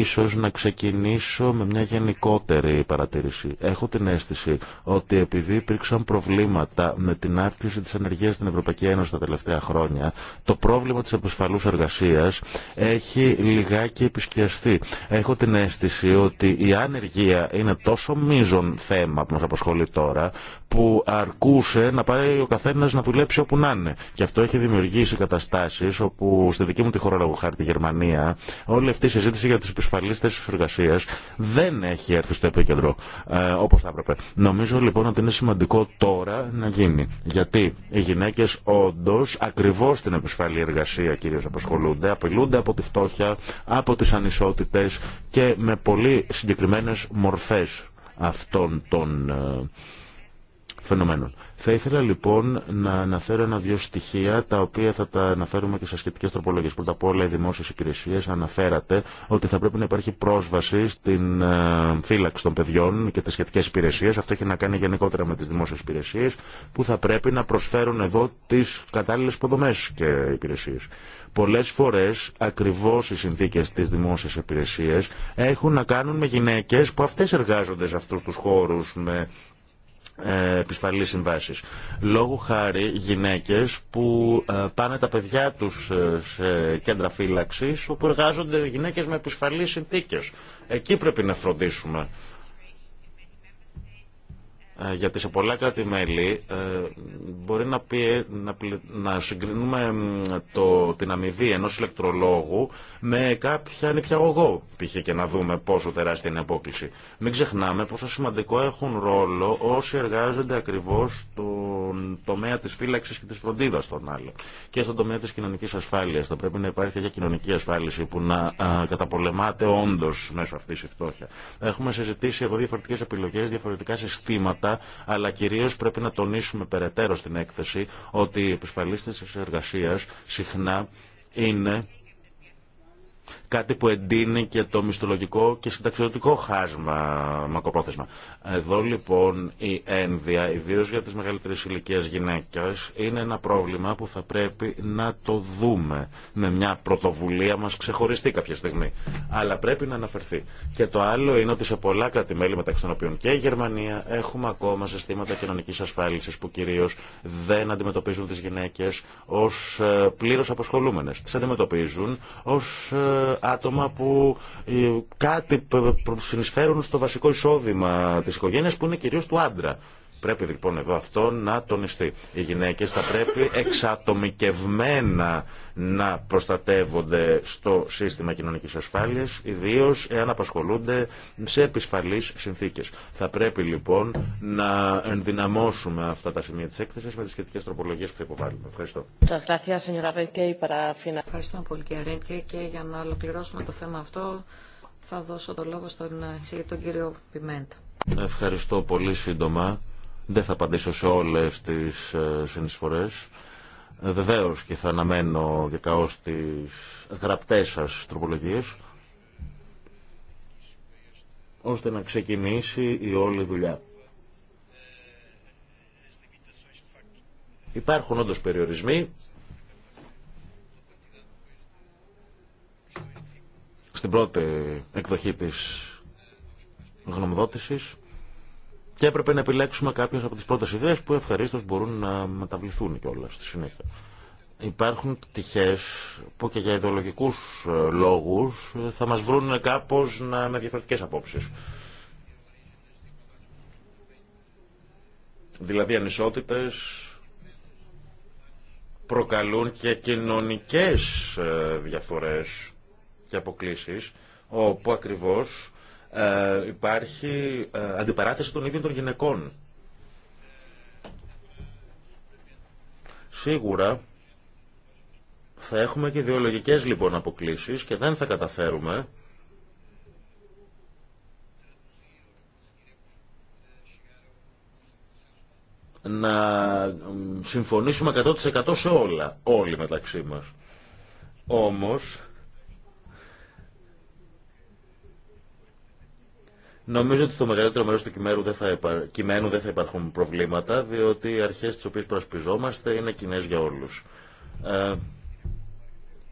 σω να ξεκινήσω με μια γενικότερη παρατήρηση. Έχω την αίσθηση ότι επειδή υπήρξαν προβλήματα με την αύξηση τη ανεργία στην Ευρωπαϊκή Ένωση τα τελευταία χρόνια, το πρόβλημα τη επισφαλού εργασία έχει λιγάκι επισκιαστεί. Έχω την αίσθηση ότι η ανεργία είναι τόσο μείζον θέμα που μα απασχολεί τώρα, που αρκούσε να πάει ο καθένα να δουλέψει όπου να είναι. Και αυτό έχει δημιουργήσει καταστάσει όπου στη δική μου τη χώρα λόγω Γερμανία όλη αυτή η συζήτηση για τι επισφαλεί θέσει εργασία δεν έχει έρθει στο επίκεντρο ε, όπω θα έπρεπε. Νομίζω λοιπόν ότι είναι σημαντικό τώρα να γίνει. Γιατί οι γυναίκε όντω ακριβώ την επισφαλή εργασία κυρίω απασχολούνται, απειλούνται από τη φτώχεια, από τι ανισότητε και με πολύ συγκεκριμένε μορφέ αυτών των ε, φαινομένων. Θα ήθελα λοιπόν να αναφέρω ένα-δυο στοιχεία τα οποία θα τα αναφέρουμε και σε σχετικέ τροπολογίε. Πρώτα απ' όλα, οι δημόσιε υπηρεσίε αναφέρατε ότι θα πρέπει να υπάρχει πρόσβαση στην ε, φύλαξη των παιδιών και τι σχετικέ υπηρεσίε. Αυτό έχει να κάνει γενικότερα με τι δημόσιε υπηρεσίε που θα πρέπει να προσφέρουν εδώ τι κατάλληλε υποδομέ και υπηρεσίε. Πολλέ φορέ ακριβώ οι συνθήκε τη δημόσια υπηρεσία έχουν να κάνουν με γυναίκε που αυτέ εργάζονται σε αυτού του χώρου με ε, επισφαλείς συμβάσεις. Λόγου χάρη γυναίκες που ε, πάνε τα παιδιά τους ε, σε κέντρα φύλαξης όπου εργάζονται γυναίκες με επισφαλείς συνθήκες. Εκεί πρέπει να φροντίσουμε ε, γιατί σε πολλά κράτη-μέλη ε, μπορεί να, πει, να, να συγκρίνουμε το, την αμοιβή ενός ηλεκτρολόγου με κάποια νηπιαγωγό π.χ. και να δούμε πόσο τεράστια είναι η απόκληση. Μην ξεχνάμε πόσο σημαντικό έχουν ρόλο όσοι εργάζονται ακριβώς στον τομέα της φύλαξης και της φροντίδας των άλλων και στον τομέα της κοινωνικής ασφάλειας. Θα πρέπει να υπάρχει για κοινωνική ασφάλιση που να καταπολεμάται όντως μέσω αυτής η φτώχεια. Έχουμε συζητήσει εδώ διαφορετικέ επιλογές, διαφορετικά συστήματα αλλά κυρίω πρέπει να τονίσουμε περαιτέρω στην έκθεση ότι οι επισφαλίστε τη εργασία συχνά είναι Κάτι που εντείνει και το μισθολογικό και συνταξιδοτικό χάσμα μακροπρόθεσμα. Εδώ λοιπόν η ένδυα, ιδίω για τις μεγαλύτερες ηλικίε γυναίκες, είναι ένα πρόβλημα που θα πρέπει να το δούμε με μια πρωτοβουλία μας ξεχωριστή κάποια στιγμή. Αλλά πρέπει να αναφερθεί. Και το άλλο είναι ότι σε πολλά κράτη-μέλη μεταξύ των οποίων και η Γερμανία έχουμε ακόμα συστήματα κοινωνικής ασφάλισης που κυρίως δεν αντιμετωπίζουν τις γυναίκες ως ε, πλήρως απασχολούμενες. Τις αντιμετωπίζουν ως ε, άτομα που ε, κάτι συνεισφέρουν στο βασικό εισόδημα της οικογένειας που είναι κυρίως του άντρα. Πρέπει λοιπόν εδώ αυτό να τονιστεί. Οι γυναίκε, θα πρέπει εξατομικευμένα να προστατεύονται στο σύστημα κοινωνική ασφάλεια, ιδίω εάν απασχολούνται σε επισφαλείς συνθήκε. Θα πρέπει λοιπόν να ενδυναμώσουμε αυτά τα σημεία τη έκθεσης με τι σχετικέ τροπολογίε που θα υποβάλουμε. Ευχαριστώ. Ευχαριστώ πολύ κύριε Ρένκε και για να ολοκληρώσουμε το θέμα αυτό θα δώσω το λόγο στον εισηγητή τον κύριο Πιμέντα. Ευχαριστώ πολύ σύντομα. Δεν θα απαντήσω σε όλες τις ε, συνεισφορές. Ε, Βεβαίω και θα αναμένω για καώ τις γραπτέ σα τροπολογίε, ώστε να ξεκινήσει η όλη δουλειά. Υπάρχουν όντω περιορισμοί στην πρώτη εκδοχή της γνωμοδότησης και έπρεπε να επιλέξουμε κάποιε από τι πρώτε ιδέε που ευχαρίστω μπορούν να μεταβληθούν κιόλα στη συνέχεια. Υπάρχουν πτυχέ που και για ιδεολογικού ε, λόγου θα μα βρουν κάπω με διαφορετικέ απόψει. Δηλαδή ανισότητες προκαλούν και κοινωνικές ε, διαφορές και αποκλήσεις όπου ακριβώς ε, υπάρχει ε, αντιπαράθεση των ίδιων των γυναικών. Σίγουρα θα έχουμε και ιδεολογικές λοιπόν αποκλήσεις και δεν θα καταφέρουμε να συμφωνήσουμε 100% σε όλα, όλοι μεταξύ μας. Όμως, Νομίζω ότι στο μεγαλύτερο μέρο του κειμένου δεν, θα υπα... δεν θα υπάρχουν προβλήματα, διότι οι αρχέ τι οποίε προασπιζόμαστε είναι κοινέ για όλου. Ε,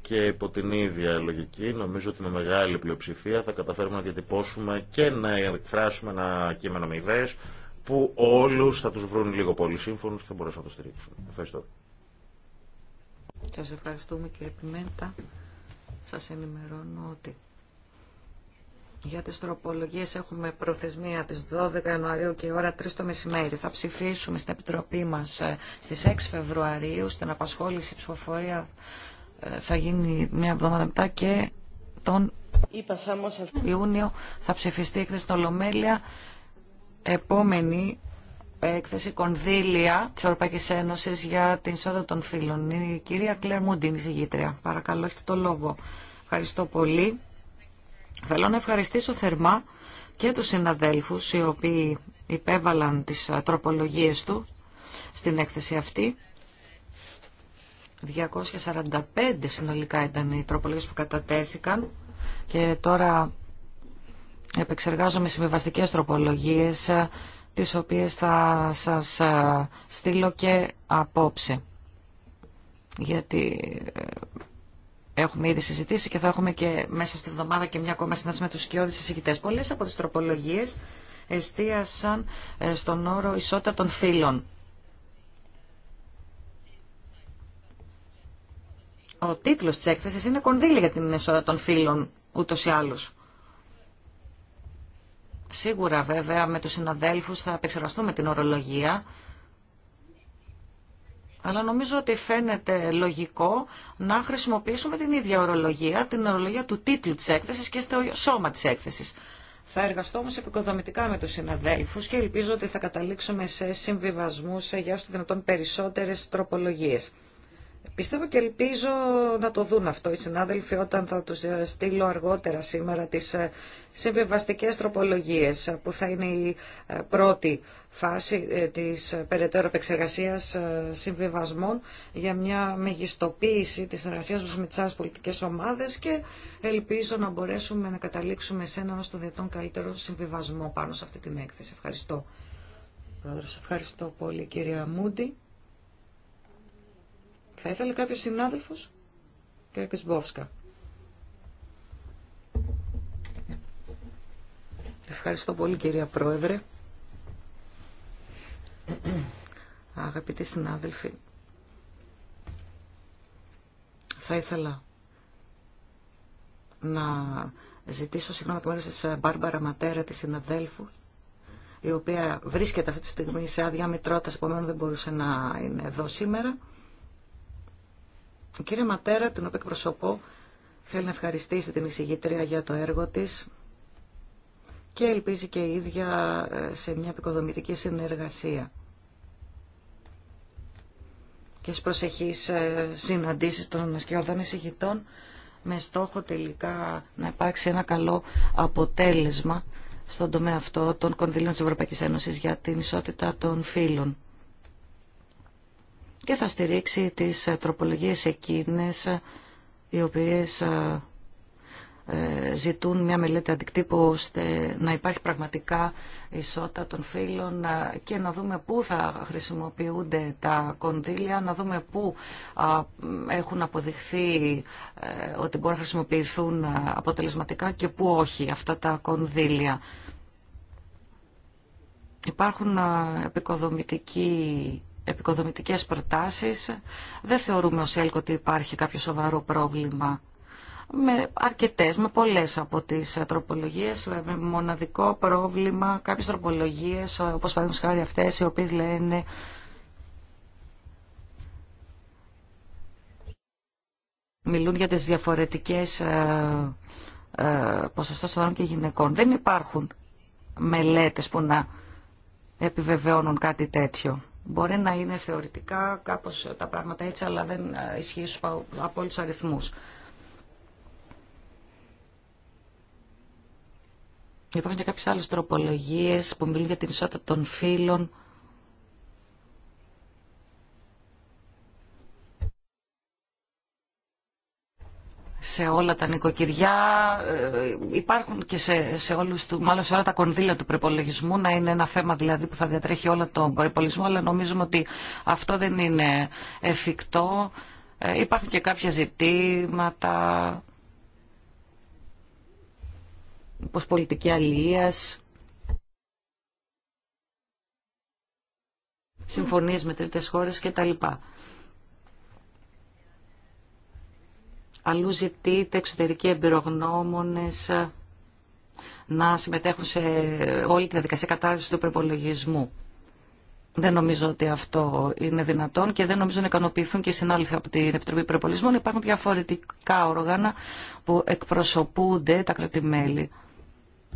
και υπό την ίδια λογική, νομίζω ότι με μεγάλη πλειοψηφία θα καταφέρουμε να διατυπώσουμε και να εκφράσουμε ένα κείμενο με ιδέε που όλου θα του βρουν λίγο πολύ σύμφωνου και θα μπορέσουν να το στηρίξουν. Ευχαριστώ. Σα ευχαριστούμε κύριε Πιμέντα. Σα ενημερώνω ότι για τις τροπολογίες έχουμε προθεσμία τις 12 Ιανουαρίου και ώρα 3 το μεσημέρι. Θα ψηφίσουμε στην Επιτροπή μας ε, στις 6 Φεβρουαρίου, στην απασχόληση ψηφοφορία ε, θα γίνει μια εβδομάδα μετά και τον Ιούνιο θα ψηφιστεί η έκθεση στο Λομέλια. Επόμενη έκθεση κονδύλια της Ευρωπαϊκής Ένωσης για την ισότητα των φύλων. Η κυρία Κλέρ Μούντιν, η συγγήτρια. Παρακαλώ, έχετε το λόγο. Ευχαριστώ πολύ. Θέλω να ευχαριστήσω θερμά και τους συναδέλφους οι οποίοι υπέβαλαν τις τροπολογίες του στην έκθεση αυτή. 245 συνολικά ήταν οι τροπολογίες που κατατέθηκαν και τώρα επεξεργάζομαι συμβιβαστικές τροπολογίες τις οποίες θα σας στείλω και απόψε γιατί ε, Έχουμε ήδη συζητήσει και θα έχουμε και μέσα στη βδομάδα και μια ακόμα συνάντηση με τους σκιώδεις εισηγητές. Πολλές από τις τροπολογίες εστίασαν ε, στον όρο ισότητα των φύλων. Ο τίτλος της έκθεσης είναι «Κονδύλια για την ισότητα των φύλων» ούτως ή άλλως. Σίγουρα βέβαια με τους συναδέλφους θα επεξεργαστούμε την ορολογία αλλά νομίζω ότι φαίνεται λογικό να χρησιμοποιήσουμε την ίδια ορολογία, την ορολογία του τίτλου της έκθεσης και στο σώμα της έκθεσης. Θα εργαστώ όμως επικοδομητικά με τους συναδέλφους και ελπίζω ότι θα καταλήξουμε σε συμβιβασμούς για όσο δυνατόν περισσότερες τροπολογίες. Πιστεύω και ελπίζω να το δουν αυτό οι συνάδελφοι όταν θα τους ε, στείλω αργότερα σήμερα τις ε, συμβιβαστικές τροπολογίες ε, που θα είναι η πρώτη φάση της περαιτέρω επεξεργασίας συμβιβασμών για μια μεγιστοποίηση της συνεργασίας τους με τις άλλες πολιτικές ομάδες και ελπίζω να μπορέσουμε να καταλήξουμε σε έναν στο διετών καλύτερο συμβιβασμό πάνω σε αυτή την έκθεση. Ευχαριστώ. ευχαριστώ πολύ κυρία Μούντι. Θα ήθελε κάποιο συνάδελφος, κύριε Κεσμπόφσκα. Ευχαριστώ πολύ κυρία Πρόεδρε. Αγαπητοί συνάδελφοι, θα ήθελα να ζητήσω συγγνώμη από μέρους της ε, Μπάρμπαρα Ματέρα, της συναδέλφου, η οποία βρίσκεται αυτή τη στιγμή σε άδεια μητρότητας, επομένως δεν μπορούσε να είναι εδώ σήμερα. Η Ματέρα, την οποία εκπροσωπώ, θέλει να ευχαριστήσει την εισηγήτρια για το έργο της και ελπίζει και η ίδια ε, σε μια επικοδομητική συνεργασία και στις προσεχείς ε, συναντήσεις των σκιωδών εισηγητών με στόχο τελικά να υπάρξει ένα καλό αποτέλεσμα στον τομέα αυτό των κονδυλίων της Ευρωπαϊκής Ένωσης για την ισότητα των φύλων και θα στηρίξει τις ε, τροπολογίες εκείνες ε, οι οποίες ε, ζητούν μια μελέτη αντικτύπου ώστε να υπάρχει πραγματικά ισότητα των φύλων και να δούμε πού θα χρησιμοποιούνται τα κονδύλια, να δούμε πού έχουν αποδειχθεί ότι μπορούν να χρησιμοποιηθούν αποτελεσματικά και πού όχι αυτά τα κονδύλια. Υπάρχουν επικοδομητικοί επικοδομητικές προτάσεις. Δεν θεωρούμε ως έλκο ότι υπάρχει κάποιο σοβαρό πρόβλημα με αρκετές, με πολλές από τις τροπολογίες, με μοναδικό πρόβλημα κάποιες τροπολογίες, όπως παραδείγματος χάρη αυτές, οι οποίες λένε μιλούν για τις διαφορετικές ε, ε των και γυναικών. Δεν υπάρχουν μελέτες που να επιβεβαιώνουν κάτι τέτοιο. Μπορεί να είναι θεωρητικά κάπως τα πράγματα έτσι, αλλά δεν ε, ισχύει από όλους αριθμούς. Υπάρχουν και κάποιες άλλες τροπολογίες που μιλούν για την ισότητα των φύλων. σε όλα τα νοικοκυριά, ε, υπάρχουν και σε, σε όλους του, μάλλον σε όλα τα κονδύλια του προπολογισμού, να είναι ένα θέμα δηλαδή που θα διατρέχει όλο τον προπολογισμό, αλλά νομίζουμε ότι αυτό δεν είναι εφικτό. Ε, υπάρχουν και κάποια ζητήματα, όπως πολιτική αλληλείας, συμφωνίες με τρίτες χώρες κτλ. Αλλού ζητείτε εξωτερικοί εμπειρογνώμονες να συμμετέχουν σε όλη τη διαδικασία κατάρτιση του προπολογισμού. Δεν νομίζω ότι αυτό είναι δυνατόν και δεν νομίζω να ικανοποιηθούν και οι συνάδελφοι από την Επιτροπή Προπολισμών. Υπάρχουν διαφορετικά όργανα που εκπροσωπούνται τα κρατημέλη.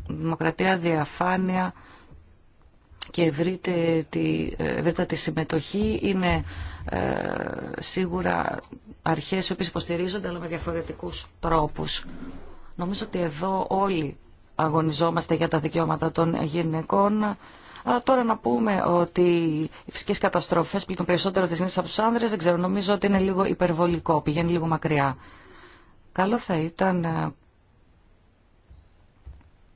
Δημοκρατία, διαφάνεια και ευρύτατη συμμετοχή είναι ε, σίγουρα αρχές οι οποίες υποστηρίζονται αλλά με διαφορετικούς τρόπους. Νομίζω ότι εδώ όλοι αγωνιζόμαστε για τα δικαιώματα των γυναικών. Αλλά τώρα να πούμε ότι οι φυσικές καταστροφές πλήττουν περισσότερο τις νέες από τους άνδρες, δεν ξέρω, νομίζω ότι είναι λίγο υπερβολικό, πηγαίνει λίγο μακριά. Καλό θα ήταν ε,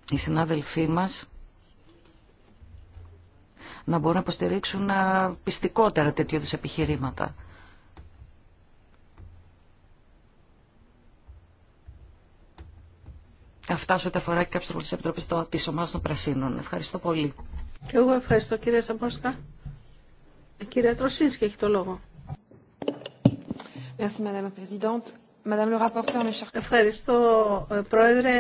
οι συνάδελφοί μας να μπορούν να υποστηρίξουν ε, πιστικότερα τέτοιου επιχειρήματα. Αυτά σε ό,τι αφορά και κάποιε τη επιτροπή τη ομάδα των Πρασίνων. Ευχαριστώ πολύ. Και εγώ ευχαριστώ, κυρία Σαμπόρσκα. Ε, κυρία Τροσίνσκη έχει το λόγο. Ευχαριστώ, Πρόεδρε,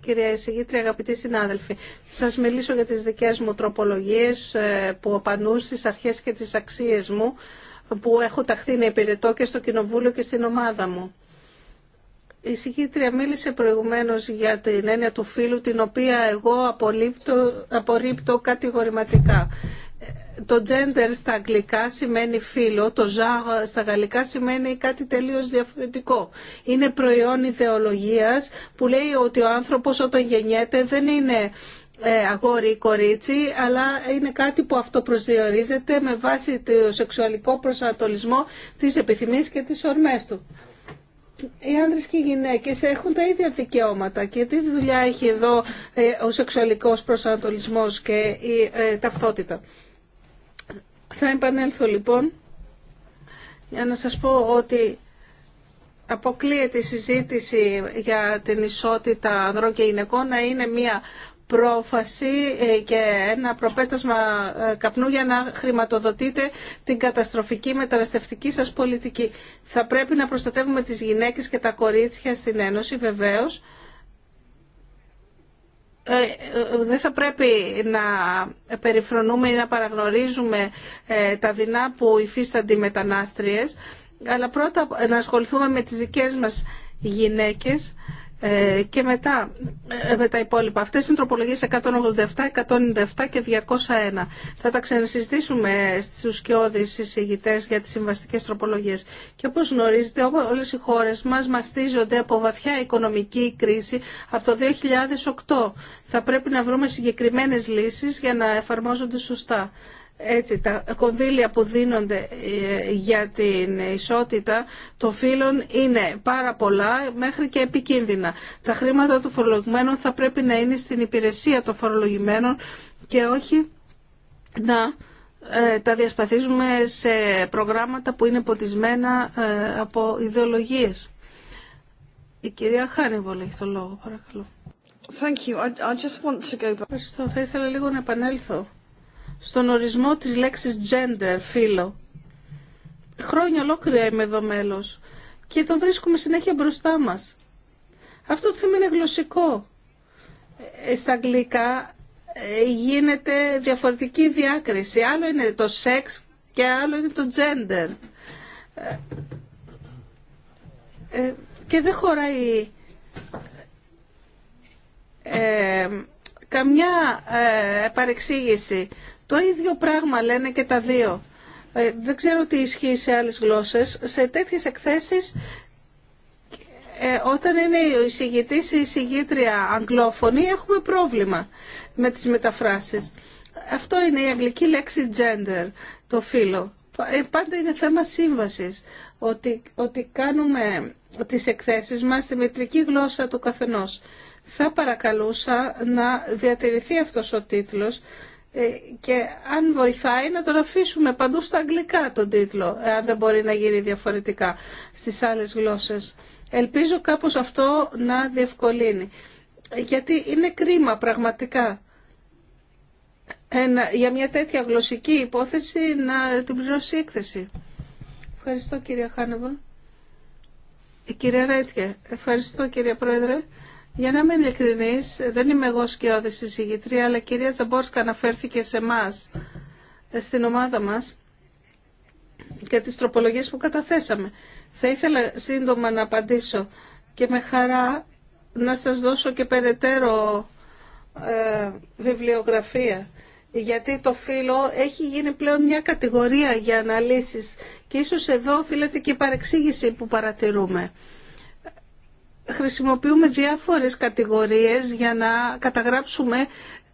κυρία Εισηγήτρια, αγαπητοί συνάδελφοι. Θα σας μιλήσω για τις δικές μου τροπολογίες ε, που απανούν στις αρχές και τις αξίες μου που έχω ταχθεί να υπηρετώ και στο Κοινοβούλιο και στην ομάδα μου. Η συγκήτρια μίλησε προηγουμένως για την έννοια του φίλου, την οποία εγώ απορρίπτω, απορρίπτω κατηγορηματικά. Το gender στα αγγλικά σημαίνει φίλο, το genre στα γαλλικά σημαίνει κάτι τελείως διαφορετικό. Είναι προϊόν ιδεολογίας που λέει ότι ο άνθρωπος όταν γεννιέται δεν είναι ε, αγόρι ή κορίτσι, αλλά είναι κάτι που αυτοπροσδιορίζεται με βάση το σεξουαλικό προσανατολισμό, της επιθυμίες και τις ορμές του οι άνδρες και οι γυναίκε έχουν τα ίδια δικαιώματα και τι δουλειά έχει εδώ ε, ο σεξουαλικός προσανατολισμός και η ε, ταυτότητα. Θα επανέλθω λοιπόν για να σας πω ότι αποκλείεται η συζήτηση για την ισότητα ανδρών και γυναικών να είναι μια πρόφαση ε, και ένα προπέτασμα ε, καπνού για να χρηματοδοτείτε την καταστροφική μεταναστευτική σας πολιτική. Θα πρέπει να προστατεύουμε τις γυναίκες και τα κορίτσια στην Ένωση βεβαίως. Ε, δεν θα πρέπει να περιφρονούμε ή να παραγνωρίζουμε τα δεινά που υφίστανται οι μετανάστριες, αλλά πρώτα να ασχοληθούμε με τις δικές μας γυναίκες ε, και μετά ε, με τα υπόλοιπα. Αυτές είναι τροπολογίες 187, 197 και 201. Θα τα ξανασυζητήσουμε στους σκιώδεις εισηγητές για τις συμβαστικές τροπολογίες. Και όπως γνωρίζετε όλες οι χώρες μας μαστίζονται από βαθιά οικονομική κρίση από το 2008. Θα πρέπει να βρούμε συγκεκριμένες λύσεις για να εφαρμόζονται σωστά. Έτσι, τα κονδύλια που δίνονται ε, για την ισότητα των φύλων είναι πάρα πολλά μέχρι και επικίνδυνα. Τα χρήματα των φορολογημένων θα πρέπει να είναι στην υπηρεσία των φορολογημένων και όχι να ε, τα διασπαθίζουμε σε προγράμματα που είναι ποτισμένα ε, από ιδεολογίες. Η κυρία Χάνιβολ έχει το λόγο, παρακαλώ. Thank you. Ευχαριστώ. Θα ήθελα λίγο να επανέλθω στον ορισμό της λέξης gender, φίλο. Χρόνια ολόκληρα είμαι εδώ μέλος και τον βρίσκουμε συνέχεια μπροστά μας. Αυτό το θέμα είναι γλωσσικό. Ε, στα αγγλικά ε, γίνεται διαφορετική διάκριση. Άλλο είναι το σεξ και άλλο είναι το gender. Ε, και δεν χωράει καμιά παρεξήγηση το ίδιο πράγμα λένε και τα δύο. Ε, δεν ξέρω τι ισχύει σε άλλες γλώσσες. Σε τέτοιες εκθέσεις ε, όταν είναι ο εισηγητής ή η εισηγήτρια αγγλόφωνη έχουμε πρόβλημα με τις μεταφράσεις. Αυτό είναι η αγγλική λέξη gender, το φύλλο. Ε, πάντα είναι θέμα σύμβασης ότι, ότι κάνουμε τις εκθέσεις μας στη μετρική γλώσσα του καθενός. Θα παρακαλούσα να διατηρηθεί αυτός ο τίτλος ε, και αν βοηθάει να τον αφήσουμε παντού στα αγγλικά τον τίτλο, αν δεν μπορεί να γίνει διαφορετικά στις άλλες γλώσσες. Ελπίζω κάπως αυτό να διευκολύνει. Γιατί είναι κρίμα πραγματικά ένα, για μια τέτοια γλωσσική υπόθεση να την πληρώσει έκθεση. Ευχαριστώ κυρία Χάνεβον, Η ε, κυρία Ευχαριστώ κυρία Πρόεδρε. Για να είμαι ειλικρινή, δεν είμαι εγώ σκιώδη συζητητρία, αλλά η κυρία Τζαμπόρσκα αναφέρθηκε σε εμά, στην ομάδα μα και τις τροπολογίες που καταθέσαμε. Θα ήθελα σύντομα να απαντήσω και με χαρά να σας δώσω και περαιτέρω ε, βιβλιογραφία. Γιατί το φύλλο έχει γίνει πλέον μια κατηγορία για αναλύσεις και ίσως εδώ οφείλεται και η παρεξήγηση που παρατηρούμε χρησιμοποιούμε διάφορες κατηγορίες για να καταγράψουμε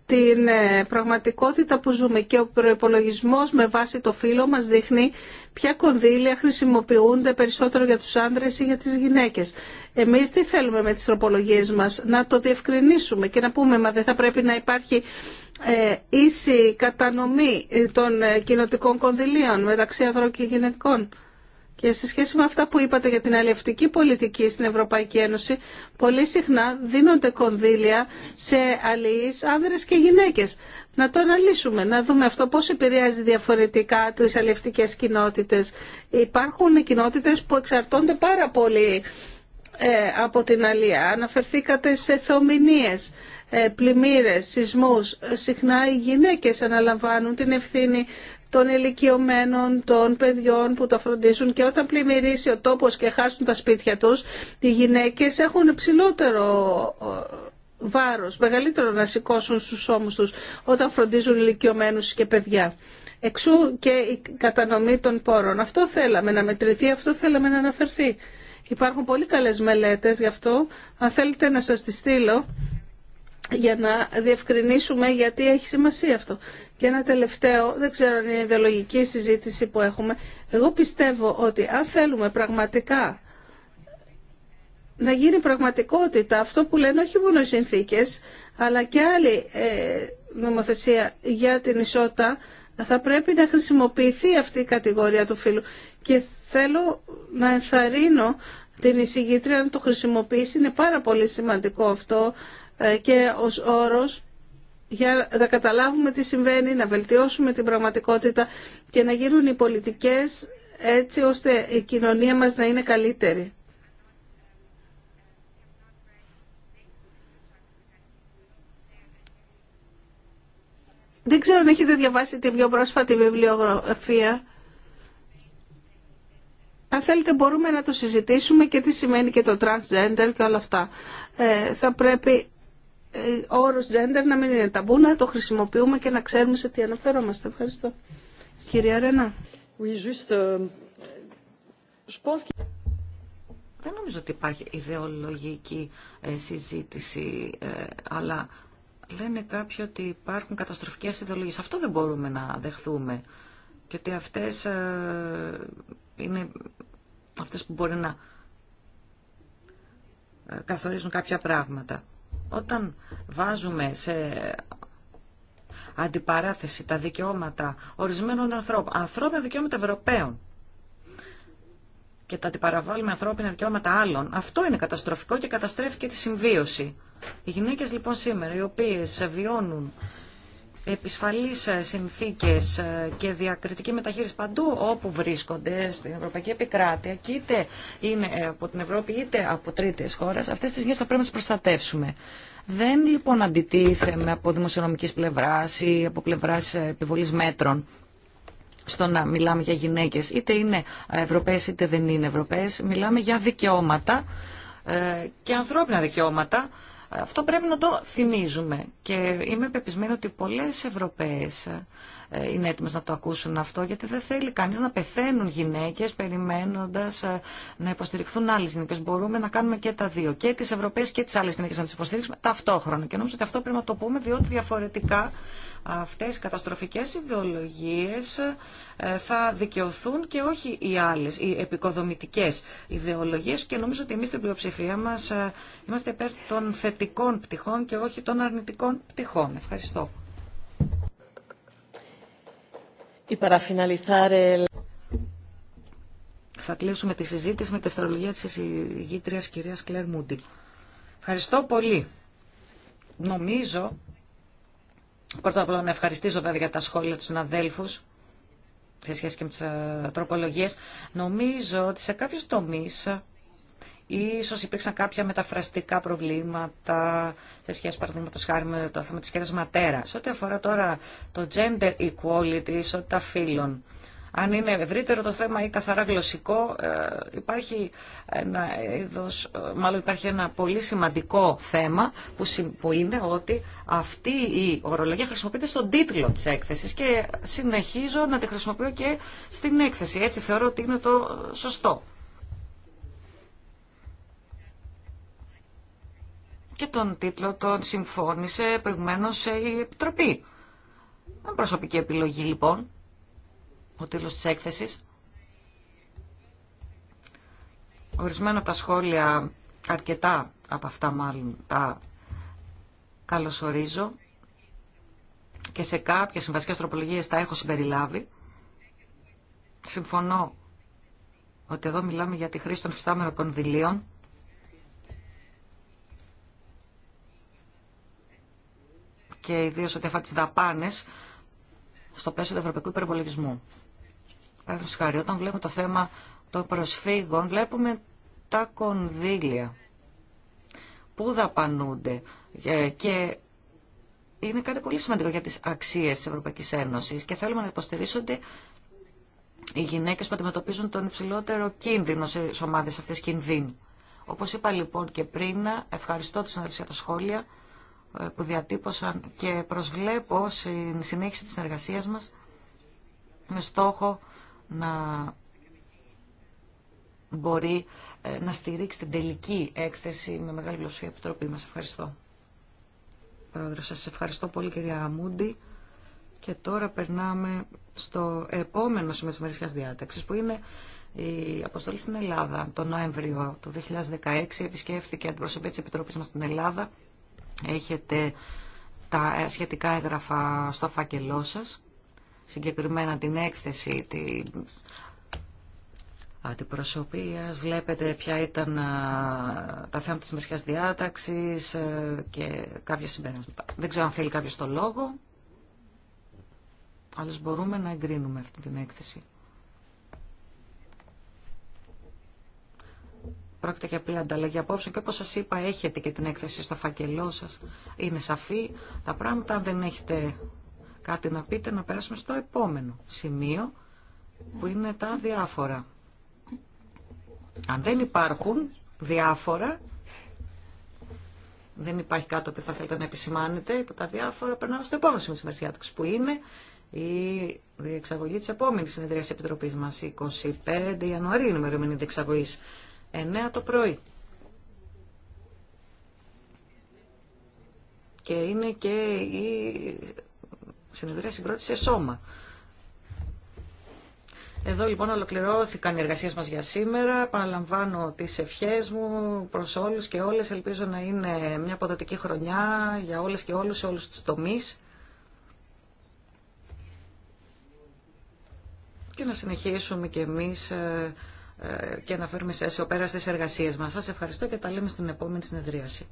την ε, πραγματικότητα που ζούμε και ο προπολογισμό με βάση το φύλλο μας δείχνει ποια κονδύλια χρησιμοποιούνται περισσότερο για τους άνδρες ή για τις γυναίκες. Εμείς τι θέλουμε με τις τροπολογίες μας, να το διευκρινίσουμε και να πούμε μα δεν θα πρέπει να υπάρχει ε, ίση κατανομή ε, των κοινοτικών κονδυλίων μεταξύ ανδρών και γυναικών. Και σε σχέση με αυτά που είπατε για την αλληλευτική πολιτική στην Ευρωπαϊκή Ένωση, πολύ συχνά δίνονται κονδύλια σε αλληλείς άνδρες και γυναίκες. Να το αναλύσουμε, να δούμε αυτό πώς επηρεάζει διαφορετικά τις αλληλευτικές κοινότητες. Υπάρχουν κοινότητες που εξαρτώνται πάρα πολύ ε, από την αλληλεία. Αναφερθήκατε σε θεομηνίες, ε, πλημμύρες, σεισμούς. Συχνά οι γυναίκες αναλαμβάνουν την ευθύνη των ηλικιωμένων, των παιδιών που τα φροντίζουν και όταν πλημμυρίσει ο τόπος και χάσουν τα σπίτια τους, οι γυναίκες έχουν ψηλότερο ε, βάρος, μεγαλύτερο να σηκώσουν στους ώμους τους όταν φροντίζουν ηλικιωμένους και παιδιά. Εξού και η κατανομή των πόρων. Αυτό θέλαμε να μετρηθεί, αυτό θέλαμε να αναφερθεί. Υπάρχουν πολύ καλές μελέτες γι' αυτό. Αν θέλετε να σας τη στείλω για να διευκρινίσουμε γιατί έχει σημασία αυτό. Και ένα τελευταίο, δεν ξέρω αν είναι ιδεολογική συζήτηση που έχουμε. Εγώ πιστεύω ότι αν θέλουμε πραγματικά να γίνει πραγματικότητα αυτό που λένε όχι μόνο οι συνθήκες, αλλά και άλλη ε, νομοθεσία για την ισότητα, θα πρέπει να χρησιμοποιηθεί αυτή η κατηγορία του φίλου. Και θέλω να ενθαρρύνω την εισηγήτρια να το χρησιμοποιήσει. Είναι πάρα πολύ σημαντικό αυτό ε, και ως όρος για να καταλάβουμε τι συμβαίνει, να βελτιώσουμε την πραγματικότητα και να γίνουν οι πολιτικές έτσι ώστε η κοινωνία μας να είναι καλύτερη. Δεν ξέρω αν έχετε διαβάσει την πιο πρόσφατη βιβλιογραφία. Αν θέλετε μπορούμε να το συζητήσουμε και τι σημαίνει και το transgender και όλα αυτά. Ε, θα πρέπει ο ε, όρος gender να μην είναι ταμπού, να το χρησιμοποιούμε και να ξέρουμε σε τι αναφερόμαστε. Ευχαριστώ. Κυρία Ρένα. Euh, δεν νομίζω ότι υπάρχει ιδεολογική ε, συζήτηση, ε, αλλά λένε κάποιοι ότι υπάρχουν καταστροφικές ιδεολογίες. Αυτό δεν μπορούμε να δεχθούμε. Και ότι αυτές είναι αυτές που μπορεί να καθορίζουν κάποια πράγματα. Όταν βάζουμε σε αντιπαράθεση τα δικαιώματα ορισμένων ανθρώπων, ανθρώπινα δικαιώματα Ευρωπαίων, και τα αντιπαραβάλλουμε ανθρώπινα δικαιώματα άλλων, αυτό είναι καταστροφικό και καταστρέφει και τη συμβίωση. Οι γυναίκες λοιπόν σήμερα, οι οποίες βιώνουν επισφαλείς ε, συνθήκες ε, και διακριτική μεταχείριση παντού όπου βρίσκονται στην Ευρωπαϊκή Επικράτεια και είτε είναι ε, από την Ευρώπη είτε από τρίτες χώρες, αυτές τις γης θα πρέπει να τις προστατεύσουμε. Δεν λοιπόν αντιτίθεμε από δημοσιονομικής πλευράς ή από πλευράς επιβολής μέτρων στο να μιλάμε για γυναίκες, είτε είναι Ευρωπαίες είτε δεν είναι Ευρωπαίες, μιλάμε για δικαιώματα και ανθρώπινα δικαιώματα αυτό πρέπει να το θυμίζουμε και είμαι πεπισμένη ότι πολλές Ευρωπαίες ε, είναι έτοιμες να το ακούσουν αυτό γιατί δεν θέλει κανείς να πεθαίνουν γυναίκες περιμένοντας ε, να υποστηριχθούν άλλες γυναίκες. Μπορούμε να κάνουμε και τα δύο, και τις Ευρωπαίες και τις άλλες γυναίκες να τις υποστηρίξουμε ταυτόχρονα και νομίζω ότι αυτό πρέπει να το πούμε διότι διαφορετικά αυτές οι καταστροφικές ιδεολογίες ε, θα δικαιωθούν και όχι οι άλλες, οι επικοδομητικές ιδεολογίες και νομίζω ότι εμείς στην πλειοψηφία μας ε, είμαστε υπέρ των θετικών πτυχών και όχι των αρνητικών πτυχών. Ευχαριστώ. Θα κλείσουμε τη συζήτηση με τη δευτερολογία της ηγήτριας κυρίας Κλέρ Μούντι. Ευχαριστώ πολύ. Νομίζω Πρώτα απ' όλα να ευχαριστήσω βέβαια για τα σχόλια του συναδέλφου σε σχέση και με τις ε, τροπολογίες. Νομίζω ότι σε κάποιου τομεί ε, ίσως υπήρξαν κάποια μεταφραστικά προβλήματα σε σχέση παραδείγματο χάρη με το θέμα τη κυρία Ματέρα. Σε ό,τι αφορά τώρα το gender equality, ισότητα φίλων αν είναι ευρύτερο το θέμα ή καθαρά γλωσσικό, ε, υπάρχει ένα είδος, ε, μάλλον υπάρχει ένα πολύ σημαντικό θέμα που, είναι ότι αυτή η καθαρα γλωσσικο υπαρχει ενα μαλλον υπαρχει ενα πολυ χρησιμοποιείται στον τίτλο της έκθεσης και συνεχίζω να τη χρησιμοποιώ και στην έκθεση. Έτσι θεωρώ ότι είναι το σωστό. Και τον τίτλο τον συμφώνησε προηγουμένως η Επιτροπή. Δεν προσωπική επιλογή λοιπόν ο τέλος της έκθεσης. Ορισμένα από τα σχόλια, αρκετά από αυτά μάλλον, τα καλωσορίζω και σε κάποιες συμβασικές τροπολογίες τα έχω συμπεριλάβει. Συμφωνώ ότι εδώ μιλάμε για τη χρήση των φυστάμενων κονδυλίων και ιδίω ότι αφορά τι δαπάνε στο πλαίσιο του Ευρωπαϊκού Υπερπολογισμού. Παραδείγματο χάρη, όταν βλέπουμε το θέμα των προσφύγων, βλέπουμε τα κονδύλια που δαπανούνται ε, και είναι κάτι πολύ σημαντικό για τις αξίες της Ευρωπαϊκής Ένωσης και θέλουμε να υποστηρίσονται οι γυναίκες που αντιμετωπίζουν τον υψηλότερο κίνδυνο σε ομάδες αυτές κινδύνου. Όπως είπα λοιπόν και πριν, ευχαριστώ τους συναδέλφους για τα σχόλια ε, που διατύπωσαν και προσβλέπω στην συνέχιση της συνεργασίας μας με στόχο να μπορεί ε, να στηρίξει την τελική έκθεση με μεγάλη πλειοψηφία επιτροπή μας. Ευχαριστώ. Πρόεδρε, σας ευχαριστώ πολύ κυρία Αμούντι. Και τώρα περνάμε στο επόμενο σημείο της μερισιάς διάταξης που είναι η αποστολή στην Ελλάδα. Το Νοέμβριο του 2016 επισκέφθηκε αντιπροσωπή της Επιτροπής μας στην Ελλάδα. Έχετε τα ε, σχετικά έγγραφα στο φάκελό σας συγκεκριμένα την έκθεση την αντιπροσωπείας. Βλέπετε ποια ήταν τα θέματα της μερικιάς διάταξης και κάποια συμπέρασματα. Δεν ξέρω αν θέλει κάποιος το λόγο, αλλά μπορούμε να εγκρίνουμε αυτή την έκθεση. Πρόκειται για απλή ανταλλαγή απόψε και όπως σας είπα έχετε και την έκθεση στο φακελό σας. Είναι σαφή τα πράγματα. Αν δεν έχετε κάτι να πείτε να περάσουμε στο επόμενο σημείο που είναι τα διάφορα. Αν δεν υπάρχουν διάφορα, δεν υπάρχει κάτι που θα θέλετε να επισημάνετε υπό τα διάφορα, περνάω στο επόμενο σημείο της που είναι η διεξαγωγή της επόμενης συνεδρίας της Επιτροπής μας, 25 Ιανουαρίου η ημερομηνία διεξαγωγής, 9 το πρωί. Και είναι και η συνεδρία σε σώμα. Εδώ λοιπόν ολοκληρώθηκαν οι εργασίες μας για σήμερα. Παναλαμβάνω τις ευχές μου προς όλους και όλες. Ελπίζω να είναι μια αποδοτική χρονιά για όλες και όλους, σε όλου τους τομείς. Και να συνεχίσουμε και εμείς ε, ε, και να φέρουμε σε αίσιο πέρα στι εργασίες μας. Σα ευχαριστώ και τα λέμε στην επόμενη συνεδρίαση.